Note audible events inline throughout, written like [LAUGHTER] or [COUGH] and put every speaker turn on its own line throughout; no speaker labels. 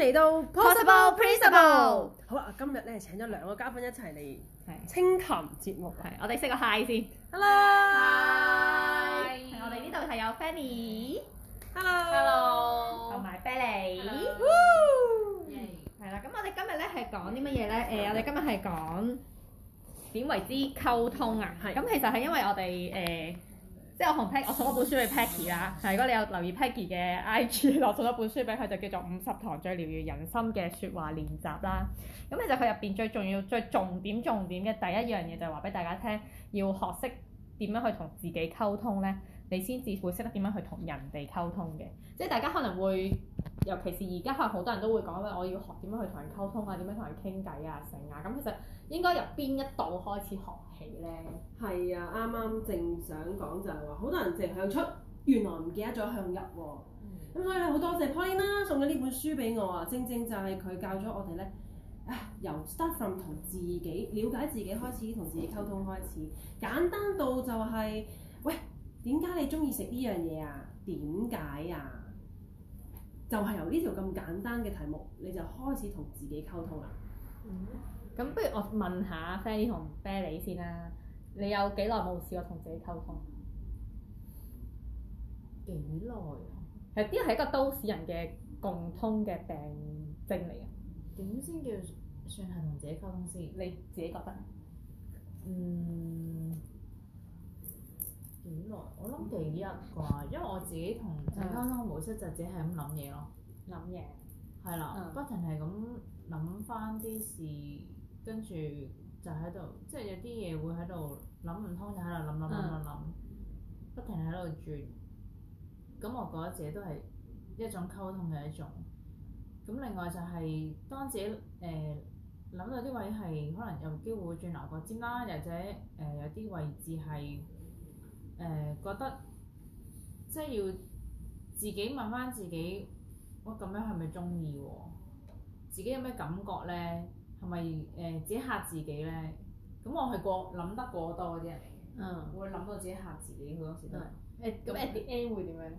嚟到 Possible Principle，好啦！今日咧請咗兩個嘉賓一齊嚟清談節目，係我哋識個 Hi 先。
Hello，我哋呢度係有 Fanny，Hello，Hello，同埋 Billy，係啦。咁我哋今日咧係講啲乜嘢咧？誒，我哋今日係講點為之溝通啊。咁其實係因為我哋誒。即係我同 Peggy 我送咗本書俾 Peggy 啦。係如果你有留意 Peggy 嘅 IG，我送咗本書俾佢，就叫做《五十堂最療癒人心嘅説話練習》啦。咁其實就佢入邊最重要、最重點、重點嘅第一樣嘢，就係話俾大家聽，要學識點樣去同自己溝通咧，你先至會識得點樣去同人哋溝通嘅，即係大家可能會，尤其是而家可能好多人都會講喂，我要學點樣去同人溝通啊，點樣同人傾偈啊，成啊，咁其實應該由邊一度開始學
起呢？係啊，啱啱正想講就係話，好多人淨係向出，原來唔記得咗向入喎、啊。咁、嗯、所以好多謝 Polly 啦，送咗呢本書俾我啊，正正就係佢教咗我哋呢：啊「啊由 start from 同自己了解自己開始，同自己溝通開始，嗯、簡單到就係、是、喂。點解你中意食呢樣嘢啊？點解啊？就係、是、由呢條咁簡單嘅題目，你就開始同自己溝通啦。咁、嗯、不如我問下 Fanny 同啤梨先
啦。你有幾耐冇試過同自己溝通？
幾耐啊？
其實呢係一個都市人嘅共通嘅病症嚟嘅。點先叫算係同自己溝通先？啊、你自己覺得？嗯。
點來？我諗第一啩，因為我自己同人溝通模式就自己係咁諗嘢咯，諗嘢，係啦，不停係咁諗翻啲事，跟住就喺度，即係有啲嘢會喺度諗唔通，就喺度諗諗諗諗諗，不停喺度轉。咁我覺得自己都係一種溝通嘅一種。咁另外就係、是、當自己誒諗、呃、到啲位係可能有機會轉牛角尖啦，又或者誒、呃、有啲位置係。誒、呃、覺得即係要自己問翻自己，我咁樣係咪中意喎？自己有咩感覺咧？係咪誒自己嚇自己咧？咁我係過諗得過多嗰啲人嚟嘅、嗯、會諗到自己嚇自己好多時都誒。咁 A D A 會點樣？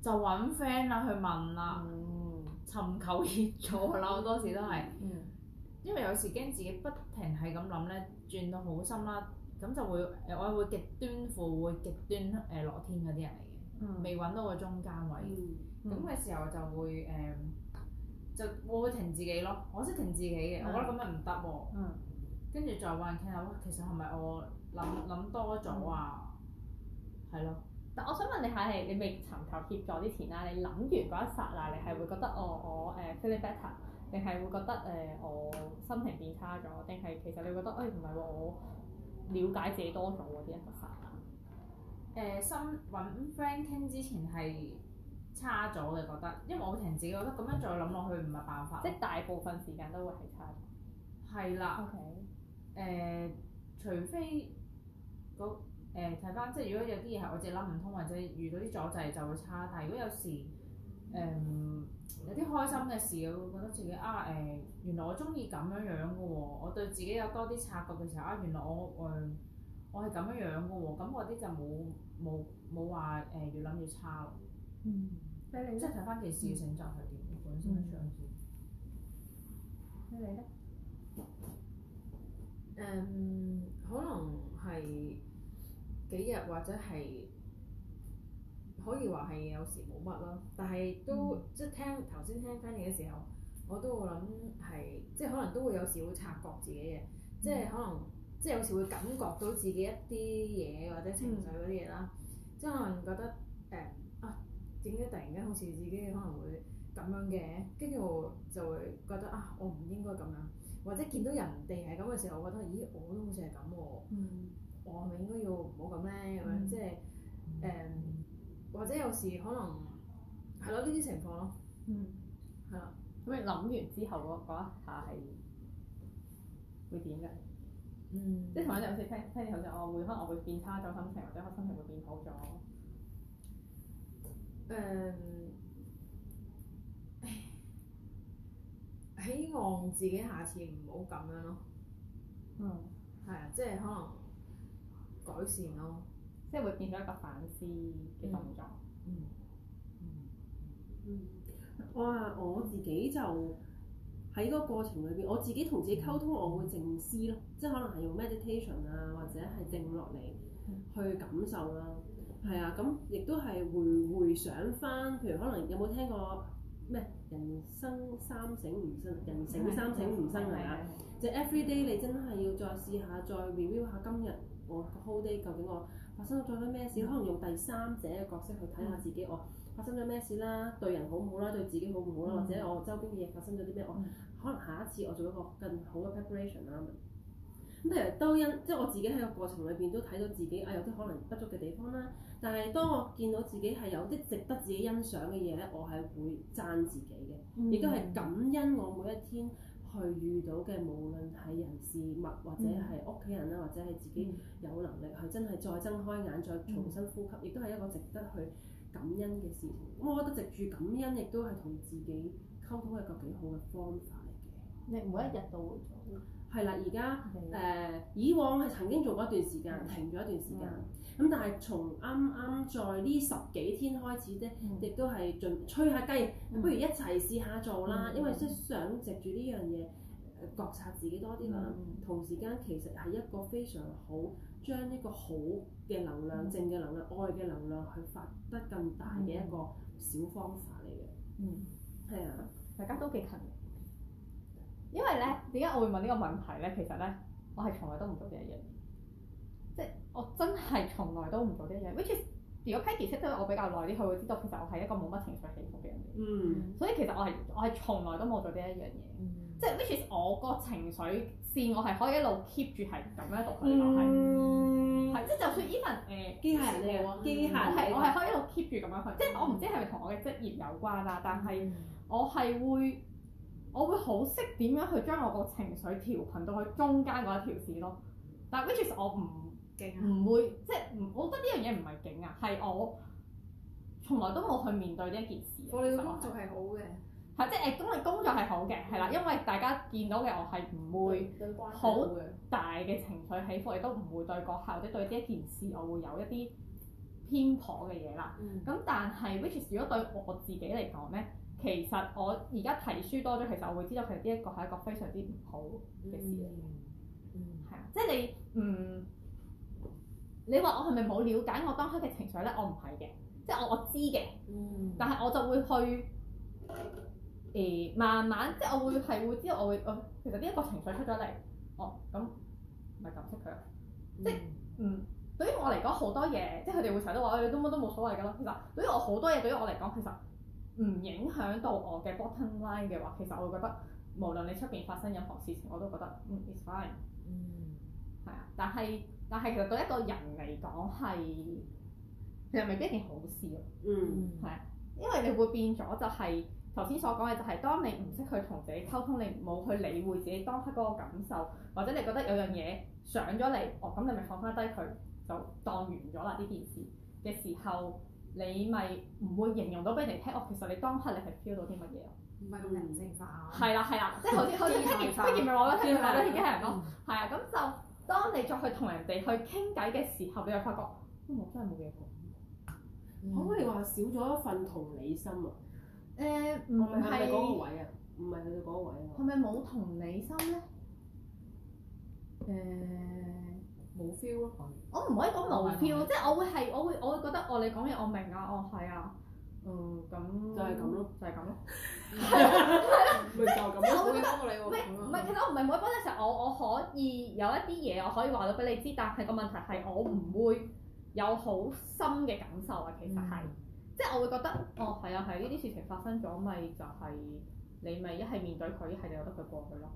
就搵 friend 啦，去問啦，嗯、尋求協助啦，好 [LAUGHS] 多時都係，嗯嗯、因為有時驚自己不停係咁諗咧，轉到好深啦。咁就會誒，我係會極端負，會極端誒落天嗰啲人嚟嘅，未揾到個中間位，咁嘅時候就會誒，就我會停自己咯，我識停自己嘅，我覺得咁咪唔得喎。跟住再揾人傾下，其實係咪我
諗諗多咗啊？
係咯，
但我想問你下係你未尋求協助之前啦，你諗完嗰一剎嗱，你係會覺得我我誒 feel better，定係會覺得誒我心情變差咗，定係其實你會覺得誒唔係我？了解自己多咗嗰啲啊，誒，新揾、呃、friend 傾之前
係差咗嘅，你覺得，因為我會停止，覺得咁樣再諗落去唔係辦法。即大部分時間都會係差。係啦。OK。誒，除非嗰誒睇翻，即如果有啲嘢係我自己諗唔通，或者遇到啲阻滯就會差。但係如果有時。誒、um, 有啲開心嘅事，我會覺得自己啊誒、呃，原來我中意咁樣樣嘅喎，我對自己有多啲察覺嘅時候啊，原來我誒、呃、我係咁樣樣嘅喎，咁嗰啲就冇冇冇話誒越諗越差咯。嗯，即係睇翻件事嘅性質係點，嗯、本身嘅想法。咁、嗯、
你咧呢？誒，um, 可能係幾日或者係。可以話係有時冇乜咯，但係都、嗯、即係聽頭先聽翻嘢嘅時候，我都會諗係即係可能都會有時會察覺自己嘅、嗯，即係可能即係有時會感覺到自己一啲嘢或者情緒嗰啲嘢啦。嗯、即係可能覺得誒、嗯、啊，點解突然間好似自己可能會咁樣嘅？跟住我就會覺得啊，我唔應該咁樣，或者見到人哋係咁嘅時候，我覺得咦，我都好似係咁喎，嗯、我係咪應該要唔好咁咧？咁、嗯、樣即係誒。嗯。或者有時可能係咯，呢啲情況咯，嗯，
係啦。咁你諗完之後嗰嗰一下係會點嘅？嗯，即係同埋有時聽聽你講就、哦、我會可能我會變差咗心情，或者我心情會變好咗。誒、嗯，
希望自己下次唔好咁樣咯。嗯。係啊，即係可能改善咯。即係會變咗
一個反思嘅動作。嗯、我啊、嗯嗯嗯、我自己就喺個過程裏邊，我自己同自己溝通，我會靜思咯，嗯、即係可能係用 meditation 啊，或者係靜落嚟去感受啦。係啊，咁、嗯嗯啊、亦都係回回想翻，譬如可能有冇聽過咩人生三省吾身，人生三省吾身嚟、嗯嗯、啊？即係、啊啊、every day 你真係要再試下，再 review 下今日我 whole day 究竟我。發生咗再咩事，可能用第三者嘅角色去睇下自己哦。嗯、我發生咗咩事啦？對人好唔好啦？對自己好唔好啦？嗯、或者我周邊嘅嘢發生咗啲咩？我可能下一次我做一個更好嘅 preparation 啦、嗯。咁其實都因即係、就是、我自己喺個過程裏邊都睇到自己啊，有啲可能不足嘅地方啦。但係當我見到自己係有啲值得自己欣賞嘅嘢咧，我係會讚自己嘅，亦都係感恩我每一天。去遇到嘅，無論係人事物或者係屋企人啦，或者係自己有能力去真係再睜開眼再重新呼吸，亦都係一個值得去感恩嘅事情。我覺得藉住感恩，亦都係同自己溝通一個幾好嘅方法嘅。你每一日都會做？係啦，而家誒以往係曾經做過一段時間，嗯、停咗一段時間。咁、嗯、但係從啱啱在呢十幾天開始咧，亦、嗯、都係盡吹下雞，嗯、不如一齊試下做啦。嗯、因為即想藉住呢樣嘢，覺察自己多啲啦。嗯、同時間其實係一個非常好將呢個好嘅能量、嗯、正嘅能量、愛嘅能量去發得更大嘅一個小方法嚟嘅、嗯。嗯，係啊、嗯，的大家都幾勤。
因為咧，點解我會問呢個問題咧？其實咧，我係從來都唔做呢一樣嘢，即係我真係從來都唔做呢一樣。Which is，如果 Peggy 識得我比較耐啲，佢會知道其實我係一個冇乜情緒起伏嘅人。嗯。Mm. 所以其實我係我係從來都冇做呢一樣嘢。即係 Which is，我個情緒線我係可以一路 keep 住係咁樣讀落去。嗯。係、mm. 是，即係就算 even、這、誒、個。機我係可以一路 keep 住咁樣去，即係、嗯、我唔知係咪同我嘅職業有關啦、啊，但係我係會。 [NOISE] 我會好識點樣去將我個情緒調頻到去中間嗰一條線咯，但係 which is 我唔唔勁、啊、會即係唔，我覺得呢樣嘢唔係勁啊，係我從來都冇去面對呢一件事。我
哋工作係好
嘅是，係即係誒，因、就、為、是、工作係好嘅，係啦，因為大家見到嘅我係唔會好大嘅情緒起伏，亦都唔會對個校，或者對呢一件事，我會有一啲偏頗嘅嘢啦。咁、嗯、但係 which is 如果對我自己嚟講咧？其實我而家睇書多咗，其實我會知道其實呢一個係一個非常之唔好嘅事嚟嘅，係啊、嗯嗯，即係你唔、嗯、你話我係咪冇了解我當刻嘅情緒咧？我唔係嘅，即係我我知嘅，嗯、但係我就會去誒、呃、慢慢，即係我會係會知道我會，我、哦、其實呢一個情緒出咗嚟，哦咁咪係咁識佢，即係嗯對於我嚟講好多嘢，即係佢哋會成日都話，誒你都乜都冇所謂㗎啦。其實對於我好多嘢，對於我嚟講其實。唔影響到我嘅 bottom line 嘅話，其實我會覺得，無論你出邊發生任何事情，我都覺得嗯，it's fine。嗯，係啊、mm.，但係但係其實對一個人嚟講係又未必一件好事，嗯，係啊、
mm.，
因為你會變咗就係頭先所講嘅、就是，就係當你唔識去同自己溝通，你冇去理會自己當刻嗰個感受，或者你覺得有樣嘢上咗嚟，哦咁你咪放翻低佢，就當完咗啦呢件事嘅時候。你咪唔會形容到俾人聽，我其實你當刻你係 feel 到啲乜嘢？唔係咁人性化。係啦係啦，即係好似道好似聽見，我聽見咪我覺得聽見嗰啲人咯，係啊、嗯。咁就當你再去同人哋去傾偈嘅時候，你又發覺，嗯、我真係冇嘢講。可
唔、嗯、可以話少咗一份同理心啊？誒、嗯啊，唔係。係咪嗰個位啊？唔係佢嗰
個位。係咪冇同理心咧？誒、嗯。冇 feel 咯，我唔可以講冇 feel，即係我會係我會我會覺得哦，你講嘢我明啊，哦係啊。嗯，咁就係咁咯，就係咁咯。係啊係啊，即咁係我會覺得，唔係其實我唔係冇幫你，係我我可以有一啲嘢我可以話到俾你知，但係個問題係我唔會有好深嘅感受啊，其實係，即係我會覺得。哦係啊係，呢啲事情發生咗咪就係你咪一係面對佢，一係由得佢過去咯。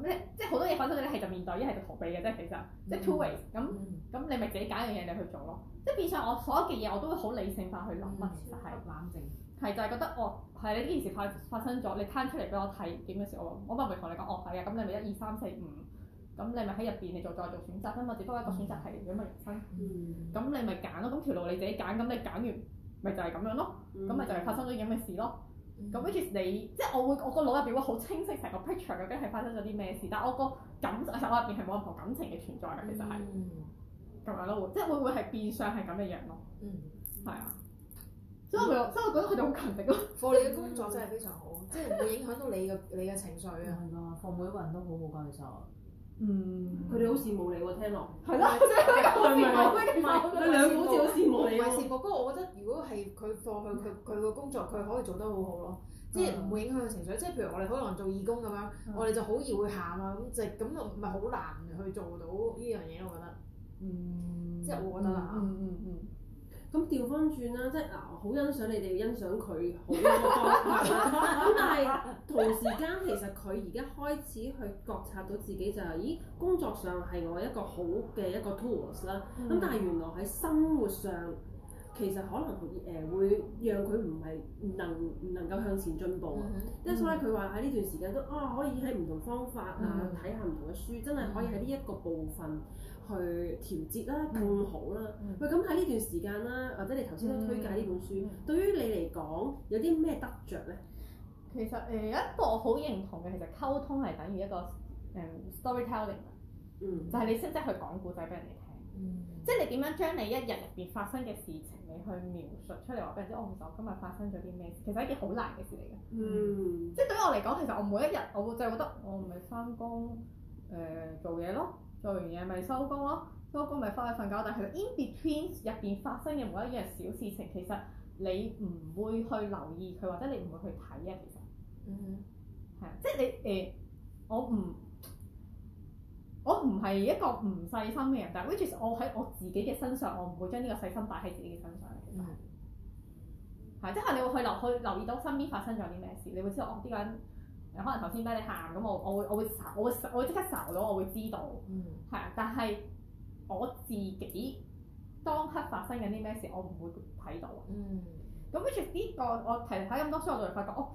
咩？即係好多嘢發生你咧，係就面對，一係就逃避嘅，即其實、mm. 即係 two ways。咁咁、mm. 你咪自己揀一樣嘢你去做咯。即係變相我所有嘅嘢我都會好理性化去諗。其實係冷靜。係就係覺得哦，係你呢件事發發生咗，你攤出嚟俾我睇點嘅事，我我咪咪同你講，我係嘅。咁你咪一二三四五，咁你咪喺入邊你做再做選擇啊嘛。只不過一個選擇係點嘅人生。咁、mm. 你咪揀咯，咁條路你自己揀，咁你揀完咪就係、是、咁樣咯。咁咪就係、mm. 發生咗咁嘅事咯。咁即係你，即係我會，我個腦入邊會好清晰成個 picture，究竟係發生咗啲咩事。但係我個感受，我心入邊係冇任何感情嘅存在嘅，其實係咁、mm
hmm. 樣咯。即係會唔會係變相係咁嘅樣咯？嗯、mm，係、hmm. 啊。所以，mm hmm. 所以我覺得佢哋好勤力咯。你嘅工作真係非常好， [LAUGHS] 即係唔會影響到你嘅 [LAUGHS] 你嘅情緒啊。係
啊，對每個人都好好㗎，其實。嗯，佢哋好羨慕你喎，聽落。係咯 [LAUGHS] [LAUGHS] 是，我想講兩邊，兩邊嘅人。兩好似好羨慕你咯。唔係羨
慕，不過我，我覺得如果係佢放佢佢佢個工作，佢可以做得好好咯，嗯、即係唔會影響佢情緒。即係譬如我哋可能做義工咁樣，嗯、我哋就好易會喊啊，咁就咁就唔係好難去做到呢樣嘢我覺得。嗯。即係我覺得啊、嗯。嗯嗯嗯。嗯。
咁調翻轉啦，即係嗱，好、呃、欣賞你哋欣賞佢好多，咁 [LAUGHS] 但係同時間其實佢而家開始去覺察到自己就係、是，咦，工作上係我一個好嘅一個 tools 啦、嗯，咁但係原來喺生活上其實可能佢誒會、呃、讓佢唔係唔能能夠向前進步啊，即係、嗯、所以佢話喺呢段時間都啊可以喺唔同方法啊睇下唔同嘅書，真係可以喺呢一個部分。去調節啦，更好啦。喂、嗯，咁喺呢段時間啦，或者你頭先都推介呢本書，嗯、對於你嚟講有啲咩得着咧？其實誒、呃、一個好認同嘅，其實溝
通係等於一個誒 storytelling 啦，嗯 story elling，嗯、就係你識唔識去講故仔俾人哋聽？嗯、即係你點樣將你一日入邊發生嘅事情，你去描述出嚟話俾人知，我其實今日發生咗啲咩？其實一件好難嘅事嚟嘅。嗯，即係對於我嚟講，其實我每一日我就係覺得我唔係翻工誒做嘢咯。做完嘢咪收工咯，收工咪翻去瞓覺。但係佢 in between 入邊發生嘅每一樣小事情，其實你唔會去留意佢，或者你唔會去睇啊。其實，嗯、mm，係、hmm. 即係你誒、呃，我唔，我唔係一個唔細心嘅人，但係，which is 我喺我自己嘅身上，我唔會將呢個細心擺喺自己嘅身上嚟。係、mm hmm.，即係你會去留去留意到身邊發生咗啲咩事，你會知道哦，呢個人。可能頭先俾你行，咁我我，我會我會我會我會即刻愁到，我會知道，係啊、嗯。但係我自己當刻發生緊啲咩事，我唔會睇到啊。咁跟住呢個我其實睇睇咁多書，我，我就嚟發覺，哦，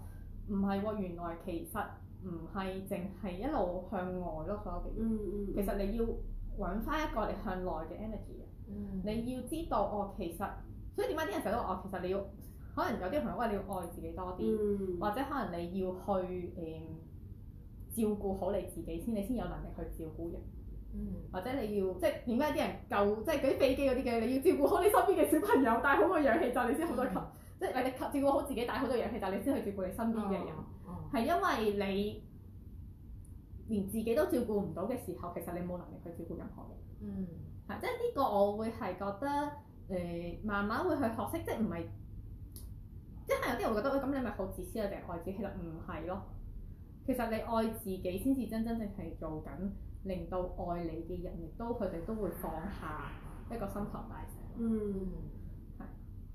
唔係喎。原來其實唔係淨係一路向外咯，所有嘅嘢、嗯，嗯、其實你要揾翻一個你向內嘅 energy 啊、嗯。你要知道哦，其實所以點解啲人成日都哦，其實你要。可能有啲朋友，話你要愛自己多啲，嗯、或者可能你要去誒、嗯、照顧好你自己先，你先有能力去照顧人，嗯、或者你要即係點解啲人救即係嗰啲飛機嗰啲嘅，你要照顧好你身邊嘅小朋友，帶好個氧氣罩你先好多吸，嗯、即係你你照顧好自己，帶好多氧氣罩，但你先去照顧你身邊嘅人，係、嗯嗯、因為你連自己都照顧唔到嘅時候，其實你冇能力去照顧任何人。嗯，係、嗯、即係呢個我會係覺得誒、呃，慢慢會去學識，即係唔係？即係有啲人覺得，喂，咁你咪好自私，定係愛自己。其實唔係咯，其實你愛自己先至真真正正係做緊，令到愛你嘅人亦都佢哋都會放下一個心頭大石。嗯，
係，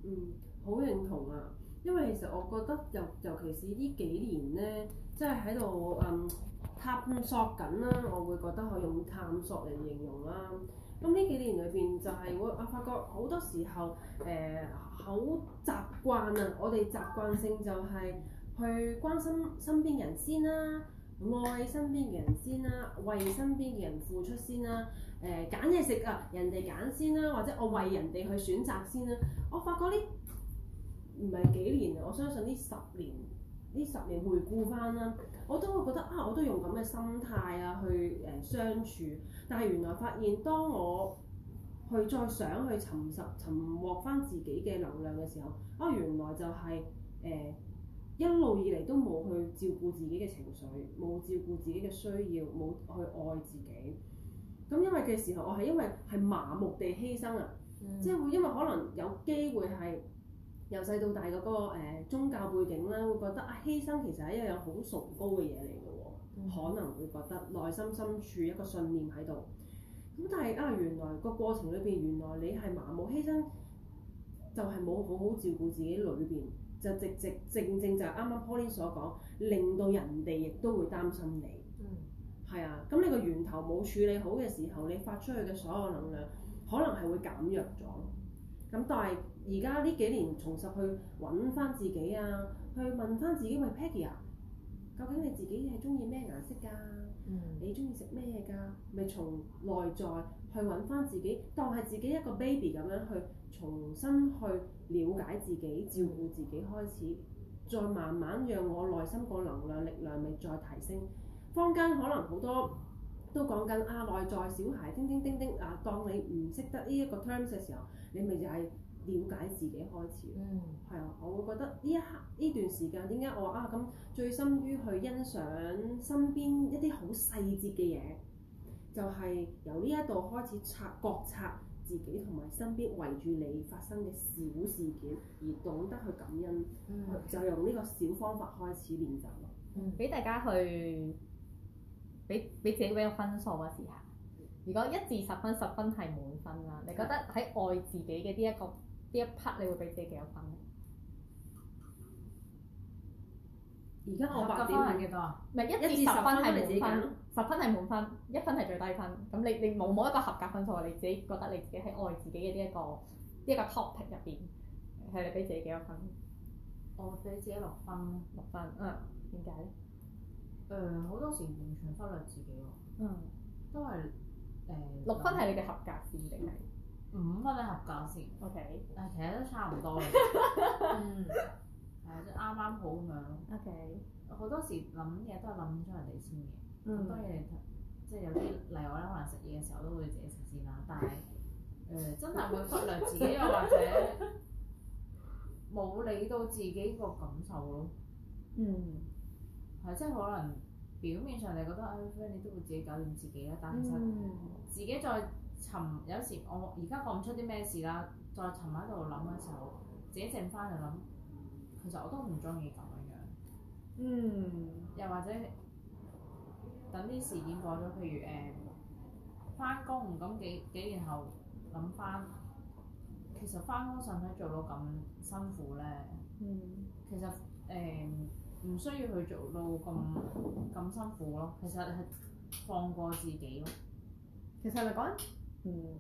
嗯，好認同啊。因為其實我覺得，尤尤其是呢幾年咧，即係喺度嗯探索緊啦。我會覺得可以用探索嚟形容啦、啊。咁呢幾年裏邊就係、是、我我發覺好多時候誒。呃好習慣啊！我哋習慣性就係去關心身邊人先啦、啊，愛身邊嘅人先啦、啊，為身邊嘅人付出先啦、啊。誒、呃，揀嘢食啊，人哋揀先啦、啊，或者我為人哋去選擇先啦、啊。我發覺呢唔係幾年，我相信呢十年，呢十年回顧返啦，我都會覺得啊，我都用咁嘅心態啊去誒相處，但係原來發現當我去再想去尋拾、尋獲翻自己嘅能量嘅時候，啊，原來就係、是、誒、呃、一路以嚟都冇去照顧自己嘅情緒，冇照顧自己嘅需要，冇去愛自己。咁因為嘅時候，我係因為係麻木地犧牲啊，嗯、即係會因為可能有機會係、嗯、由細到大嗰、那個、呃、宗教背景啦，會覺得啊犧牲其實係一樣好崇高嘅嘢嚟嘅喎，嗯、可能會覺得內心深處一個信念喺度。咁但係啊，原來個過程裏邊，原來你係麻木犧牲，就係、是、冇好好照顧自己裏邊，就直直正正,正就係啱啱 Pauline 所講，令到人哋亦都會擔心你。嗯。係啊，咁你個源頭冇處理好嘅時候，你發出去嘅所有能量，可能係會減弱咗。咁但係而家呢幾年重拾去揾翻自己啊，去問翻自己喂 Peggy 啊，ina, 究竟你自己係中意咩顏色㗎？你中意食咩㗎？咪從內在去揾返自己，當係自己一個 baby 咁樣去重新去了解自己，照顧自己開始，再慢慢讓我內心個能量力量咪再提升。坊間可能好多都講緊啊，內在小孩，叮叮叮叮啊！當你唔識得呢一個 terms 嘅時候，你咪就係、是。瞭解自己開始，嗯，係啊，我會覺得呢一刻呢段時間，點解我啊咁最深於去欣賞身邊一啲好細節嘅嘢，就係、是、由呢一度開始察覺察自己同埋身邊圍住你發生嘅小事件，而懂得去感恩，嗯，就用呢個小方法開始練習咯，嗯，
俾大家去，俾俾自己俾一個分數啊時刻，如果一至十分，十分係滿分啦，你覺得喺愛自己嘅呢一個。呢一 part 你會俾自己幾多分？而家我八點幾多？唔係，一至十分係滿分，十分係滿分，一分係最低分。咁你你冇冇一個合格分數？你自己覺得你自己喺愛自己嘅呢一個呢一個 topic 入邊，係你俾自己幾多分？我俾自己六分，六分，嗯，點解咧？誒、呃，好多時
完全忽略自己喎。嗯，都係誒。呃、六分係你嘅合格線定係？嗯係五分咧合格先。O K，誒其實都差唔多嘅、 [LAUGHS] 嗯。嗯，係啊，即啱啱好咁樣。O K，好多時諗嘢都係諗咗人哋先嘅。好 Okay. 多嘢、嗯、即係有啲例外，咧可能食嘢嘅時候都會自己食先啦。但係誒、呃，真係會忽略自己，又或者冇理到自己個感受咯。嗯，係即係可能表面上你覺得誒、哎，你都會自己搞掂自己啦。但係其實自己再，嗯沉有時，我而家講唔出啲咩事啦。再沉喺度諗嘅時候，自己靜翻嚟諗，其實我都唔中意咁樣樣。嗯，又或者等啲事件過咗，譬如誒翻工，咁、呃、幾幾年後諗翻，其實翻工使唔使做到咁辛苦咧？嗯，其實誒唔、呃、需要去做到咁咁辛苦咯。
其實係放過自己咯。其實你講。嗯，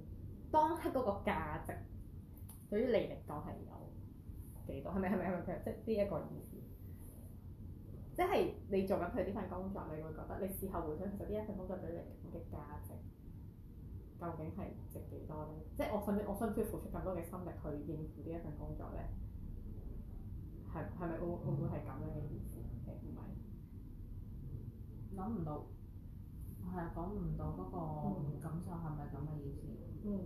當刻嗰個價值對於你嚟講係有幾多？係咪係咪係咪？即係呢一個意思。即係你做緊佢呢份工作，你會覺得你事後回想，其實呢一份工作對你嚟講嘅價值究竟係值幾多咧？即係我需唔需要付出更多嘅心力去應付呢一份工作咧？係係咪會唔會係咁樣嘅意思？唔係諗唔
到。係講唔到嗰個感受係咪咁嘅意思？
嗯，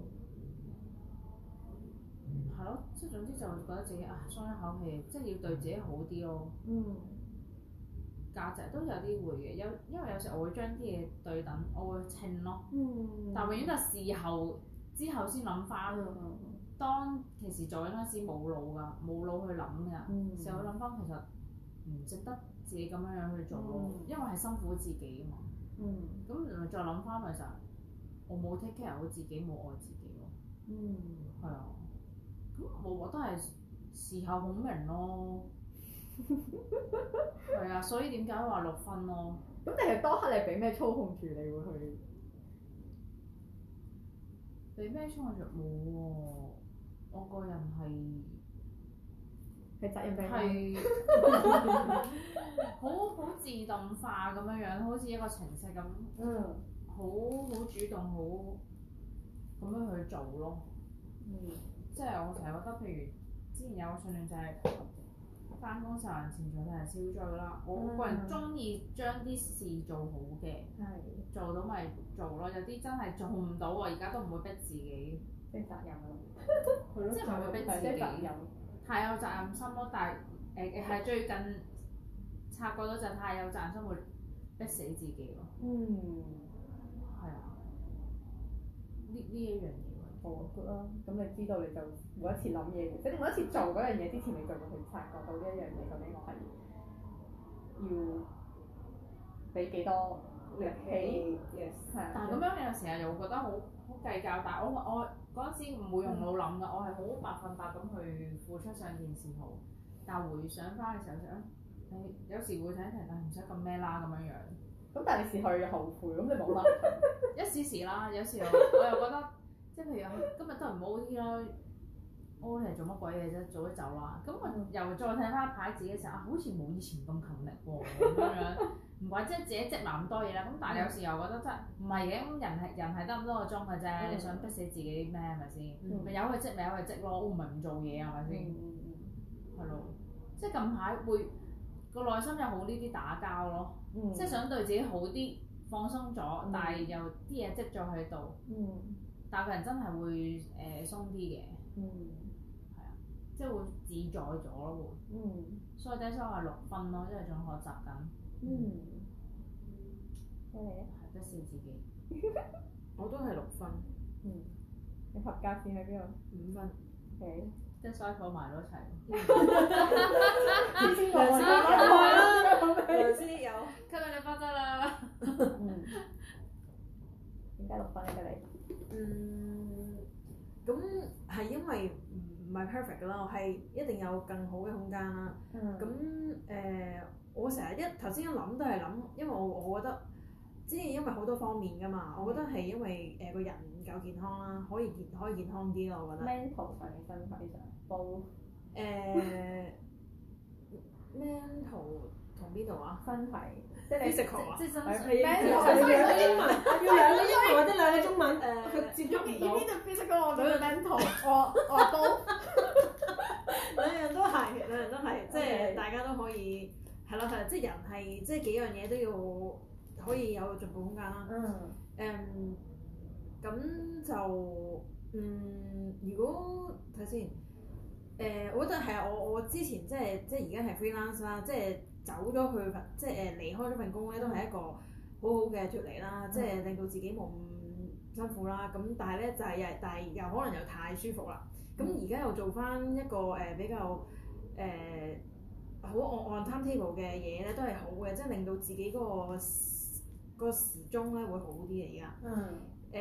係咯，即係總之就覺得自己啊，鬆一口氣，即係要對自己好啲咯。嗯，價值都有啲會嘅，有因為有時候我會將啲嘢對等，我會稱咯。嗯，但係永遠就事後之後先諗翻，嗯、當其時做嗰陣時冇腦㗎，冇腦去諗㗎，就諗翻其實唔值得自己咁樣樣去做咯，因為係辛苦自己啊嘛。嗯，咁再諗翻咪就係我冇 take care 我自己，冇愛自己，嗯啊，咯。嗯，係啊。咁我覺得係時候好明咯。係啊，所以點解話六分咯？咁你係當刻你俾咩操控住你會去？俾咩操控住我喎？我個人係。係責任病，係好好自動化咁樣樣，好似一個程式咁，嗯，好好主動好咁樣去做咯。嗯，即係我成日覺得，譬如之前有個信念就係，翻工受人前做題超追啦。我個人中意將啲事做好嘅，嗯、做到咪做咯。有啲真係做唔到啊，而家都唔會逼自己，逼係責任咯，係咯，即係唔會逼自己。係有責任心咯，但係誒係最近察覺嗰陣太有責任心會逼死自己
咯。嗯，係啊，呢呢一樣嘢。我覺得啦，咁、嗯、你知道你就每一次諗嘢，即係每一次做嗰樣嘢之前你，你就會去察覺到呢一樣嘢。究竟我發現要俾幾多力氣嘅、嗯？但係咁樣
你有時候又會覺得好好計較，但係我我。嗰陣時唔會用腦諗㗎，嗯、我係好百分百咁去付出上件事好，但回想返嘅時候想，哎、有時會睇一睇，唉唔使咁咩啦咁樣樣，咁但係你時去後悔，咁你冇啦， [LAUGHS] 一時時啦，有時候我，我又覺得，即係 [LAUGHS] 譬如今日真係唔好啲啦。我你係做乜鬼嘢啫？做咗走啦、啊，咁、嗯、我又再睇翻牌子嘅時候，啊好似冇以前咁勤力喎咁 [LAUGHS] 樣，唔怪知自己積埋咁多嘢啦。咁但係有時候又覺得真係唔係嘅，咁人係人係得咁多個鐘嘅啫。嗯、你想逼死自己咩係咪先？咪、嗯、有佢積咪有佢積咯，我唔係唔做嘢係咪先？係咯，即係近排會個內心又好呢啲打交咯，即係想對自己好啲，放鬆咗，但係又啲嘢積咗喺度。但係個人真係會誒、呃、鬆啲嘅。嗯。即係會自在咗咯，會。嗯。所以就係話六分咯，即係仲學習緊。嗯。你係？得少自己， [LAUGHS] 我都係六分。嗯。你合格線喺邊度？五分。係。 [LAUGHS] 即係嘥錯埋咗一齊。梁
生。梁生有。吸到你花心啦！嗯。點 [NOISE] 解 [LAUGHS] 六分嘅、啊、你？嗯。咁係因為。唔係 perfect 噶啦，係一定有更好嘅空間啦。咁誒、嗯呃，我成日一頭先一諗都係諗，因為我覺因為、嗯、我覺得，之前因為好多方面噶嘛，我覺得係因為誒個人唔夠健康啦，可以健可以健康啲咯，我覺得。mental 上嘅身體上 body、呃、 [LAUGHS] mental 同邊度啊？分體，即係 physical 啊？即係身。體。名頭，所以要英文，要兩個英文或者兩個中文佢接觸唔到邊度？Physical 嗰個 mental。哦哦都兩樣都係，兩樣都係，即係大家都可以係咯係，即係人係即係幾樣嘢都要可以有進步空間啦。嗯。誒，咁就嗯，如果睇先誒，我覺得係我我之前即係即係而家係 freelance 啦，即係。走咗去份，即係誒離開咗份工咧，都係一個好好嘅脫離啦，嗯、即係令到自己冇咁辛苦啦。咁但係咧，就係、係、又但係又可能又太舒服啦。咁而家又做翻一個誒比較誒好按按 Time Table 嘅嘢咧，都係好嘅，即係令到自己嗰個時、嗰個時鐘咧會好啲而家，嗯。誒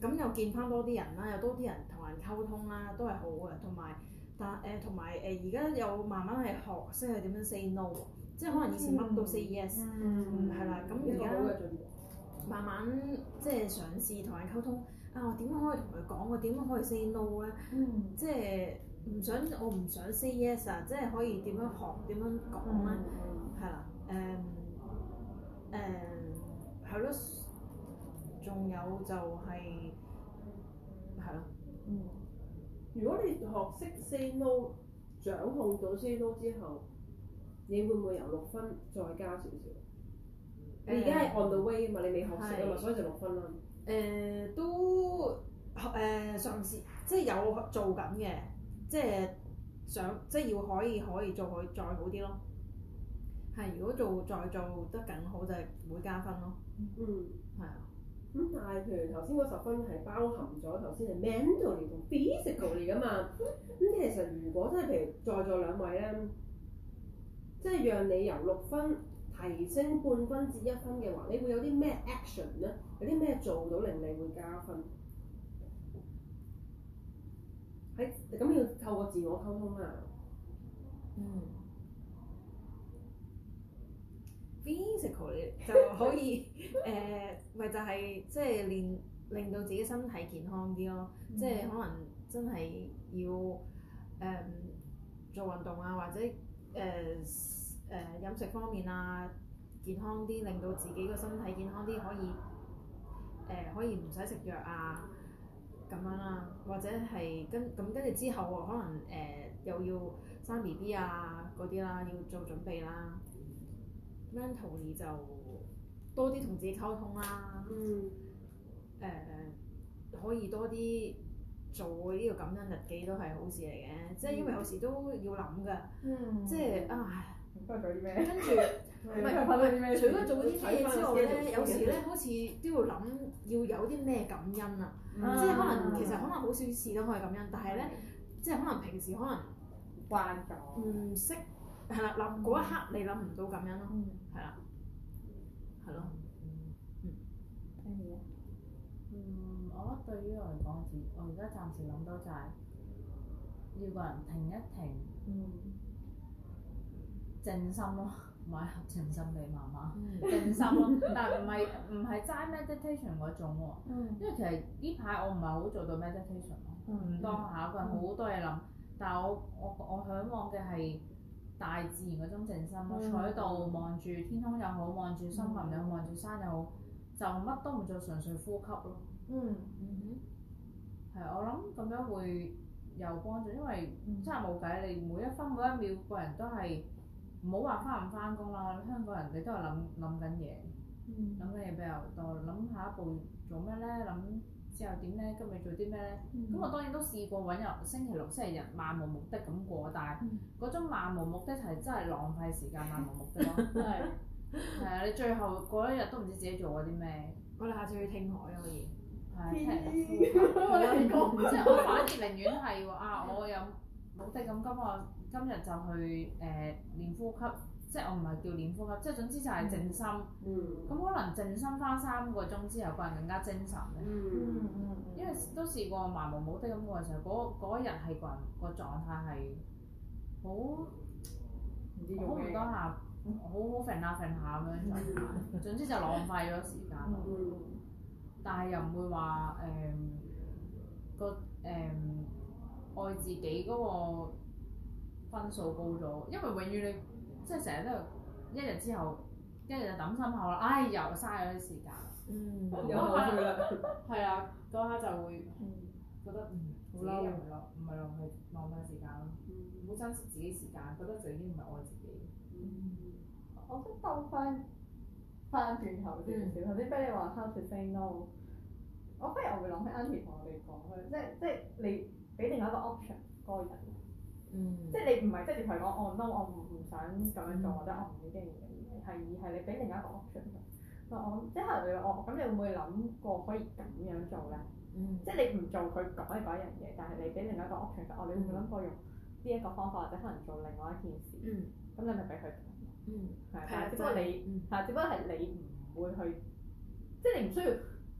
咁、呃、又見翻多啲人啦，又多啲人同人溝通啦，都係好嘅，同埋。但誒同埋誒而家又慢慢係學識去點樣 say no，即係可能以前乜都 say yes，係啦、嗯。咁而家慢慢即係嘗試同人溝通啊，我點樣可以同佢講？我點樣可以 say no 咧？嗯、即係唔想我唔想 say yes 啊！即係可以點樣學點樣講咧？係啦、嗯，誒誒係咯，仲、嗯嗯、有就係係啦。
如果你學識 say no，掌控到 say no 之後，你會唔會由六分再加少少？嗯、
你而家係 on the way 啊嘛，你未學識啊嘛，是所以就六分啦。誒、呃，都學誒、呃，上次即係有做緊嘅，即係想即係要可以可以做佢再好啲咯。係，如果做再做得更好，就係、係、會加分咯。嗯，係啊。
咁但係，譬如頭先嗰十分係包含咗頭先係 mentally 同 physically 噶嘛？咁、嗯、你其實如果真係譬如在座兩位咧，即係讓你由六分提升半分至一分嘅話，你會有啲咩 action 咧？有啲咩做到令你會加分？喺咁要透過自我溝通啊！嗯。
Physical 就可以誒？咪、 [LAUGHS] 呃、就係、是、即係令令到自己身體健康啲咯。嗯、哼即係可能真係要誒、呃、做運動啊，或者誒誒、呃呃呃、飲食方面啊，健康啲，令到自己個身體健康啲，可以誒、呃、可以唔使食藥啊咁樣啦、啊。或者係跟咁跟住之後、啊，可能誒、呃、又要生 B B 啊嗰啲啦，要做準備啦。Mentally 就多啲同自己溝通啦，誒可以多啲做呢個感恩日記都係好事嚟嘅，即係因為有時都要諗㗎，即係啊，跟住唔係除咗做嗰啲咩嘢之外咧，有時咧好似都要諗要有啲咩感恩啊，即係可能其實可能好少事都可以感恩，但係咧即係可能平時可能慣咗唔識。係啦，
諗嗰一刻你諗唔到咁樣咯，係啦，係咯，嗯，嗯，我覺得對於我嚟講，我而家暫時諗到就係要個人停一停，靜心咯，唔係靜心嘅麻麻，靜心咯，但唔係唔係齋 meditation 嗰種喎，因為其實呢排我唔係好做到 meditation 咯，當下個人好多嘢諗，但係我我我嚮往嘅係。大自然嗰種靜心咯，mm hmm. 坐喺度望住天空又好，望住森林又好，望住、mm hmm. 山又好，就乜都唔做，純粹呼吸咯。嗯嗯
哼，
係、hmm. 我諗咁樣會有幫助，因為真係冇計，你每一分每一秒個人都係唔好話翻唔翻工啦，香港人你都係諗諗緊嘢，諗緊嘢比較多，諗下一步做咩咧，諗。之後點咧？今日做啲咩咧？咁、嗯、我當然都試過揾日星期六、星期日漫無目的咁過，但係嗰種漫無目的係真係浪費時間、漫無目的咯。真係係啊！你最後嗰一日都唔知自己做過啲咩。我哋下次去聽海咯，
可以呵。係、
啊。即係我反而寧願係喎啊！我有目的咁今日今日就去誒、呃、練呼吸。即係我唔係叫練呼吸，即係總之就係靜心。咁、嗯嗯、可能靜心翻三個鐘之後，個人更加精神咧。嗯嗯嗯、因為都試過漫無目的咁嘅時候，嗰一日係個人個狀態係好唔知好唔多下，好好瞓下瞓下咁樣狀態，總之就浪費咗時間。嗯嗯嗯、但係又唔會話誒個誒愛自己嗰個分數高咗，因為永遠你。即係成日都一日之後，一日就抌心口啦！唉，又嘥咗啲時間。嗯。
又有下係
啊，嗰下就會覺得，嗯自己唔落，唔係落去浪費時間咯。嗯。唔好珍惜自己時間，覺得自己
唔係愛自己。嗯。我想兜翻翻轉頭少少，頭先俾你話 How to say no。我不如我會諗起 Uncle 同我哋講咧，即即係俾另外一個 option 個人。即係你唔係即你同佢講，我唔 no，我唔唔想咁樣做，或者我唔幾中意嘅嘢，係而係你俾另一個 option。嗱我即係我咁，你會唔會諗過可以咁樣做咧？即係你唔做佢講嘅嗰一樣嘢，但係你俾另一個 option，就你會唔會諗過用呢一個方法，或者可能做另外一件事？嗯，咁你就俾佢。嗯。但係只不過你係，只不過係你唔會去，即係你唔需要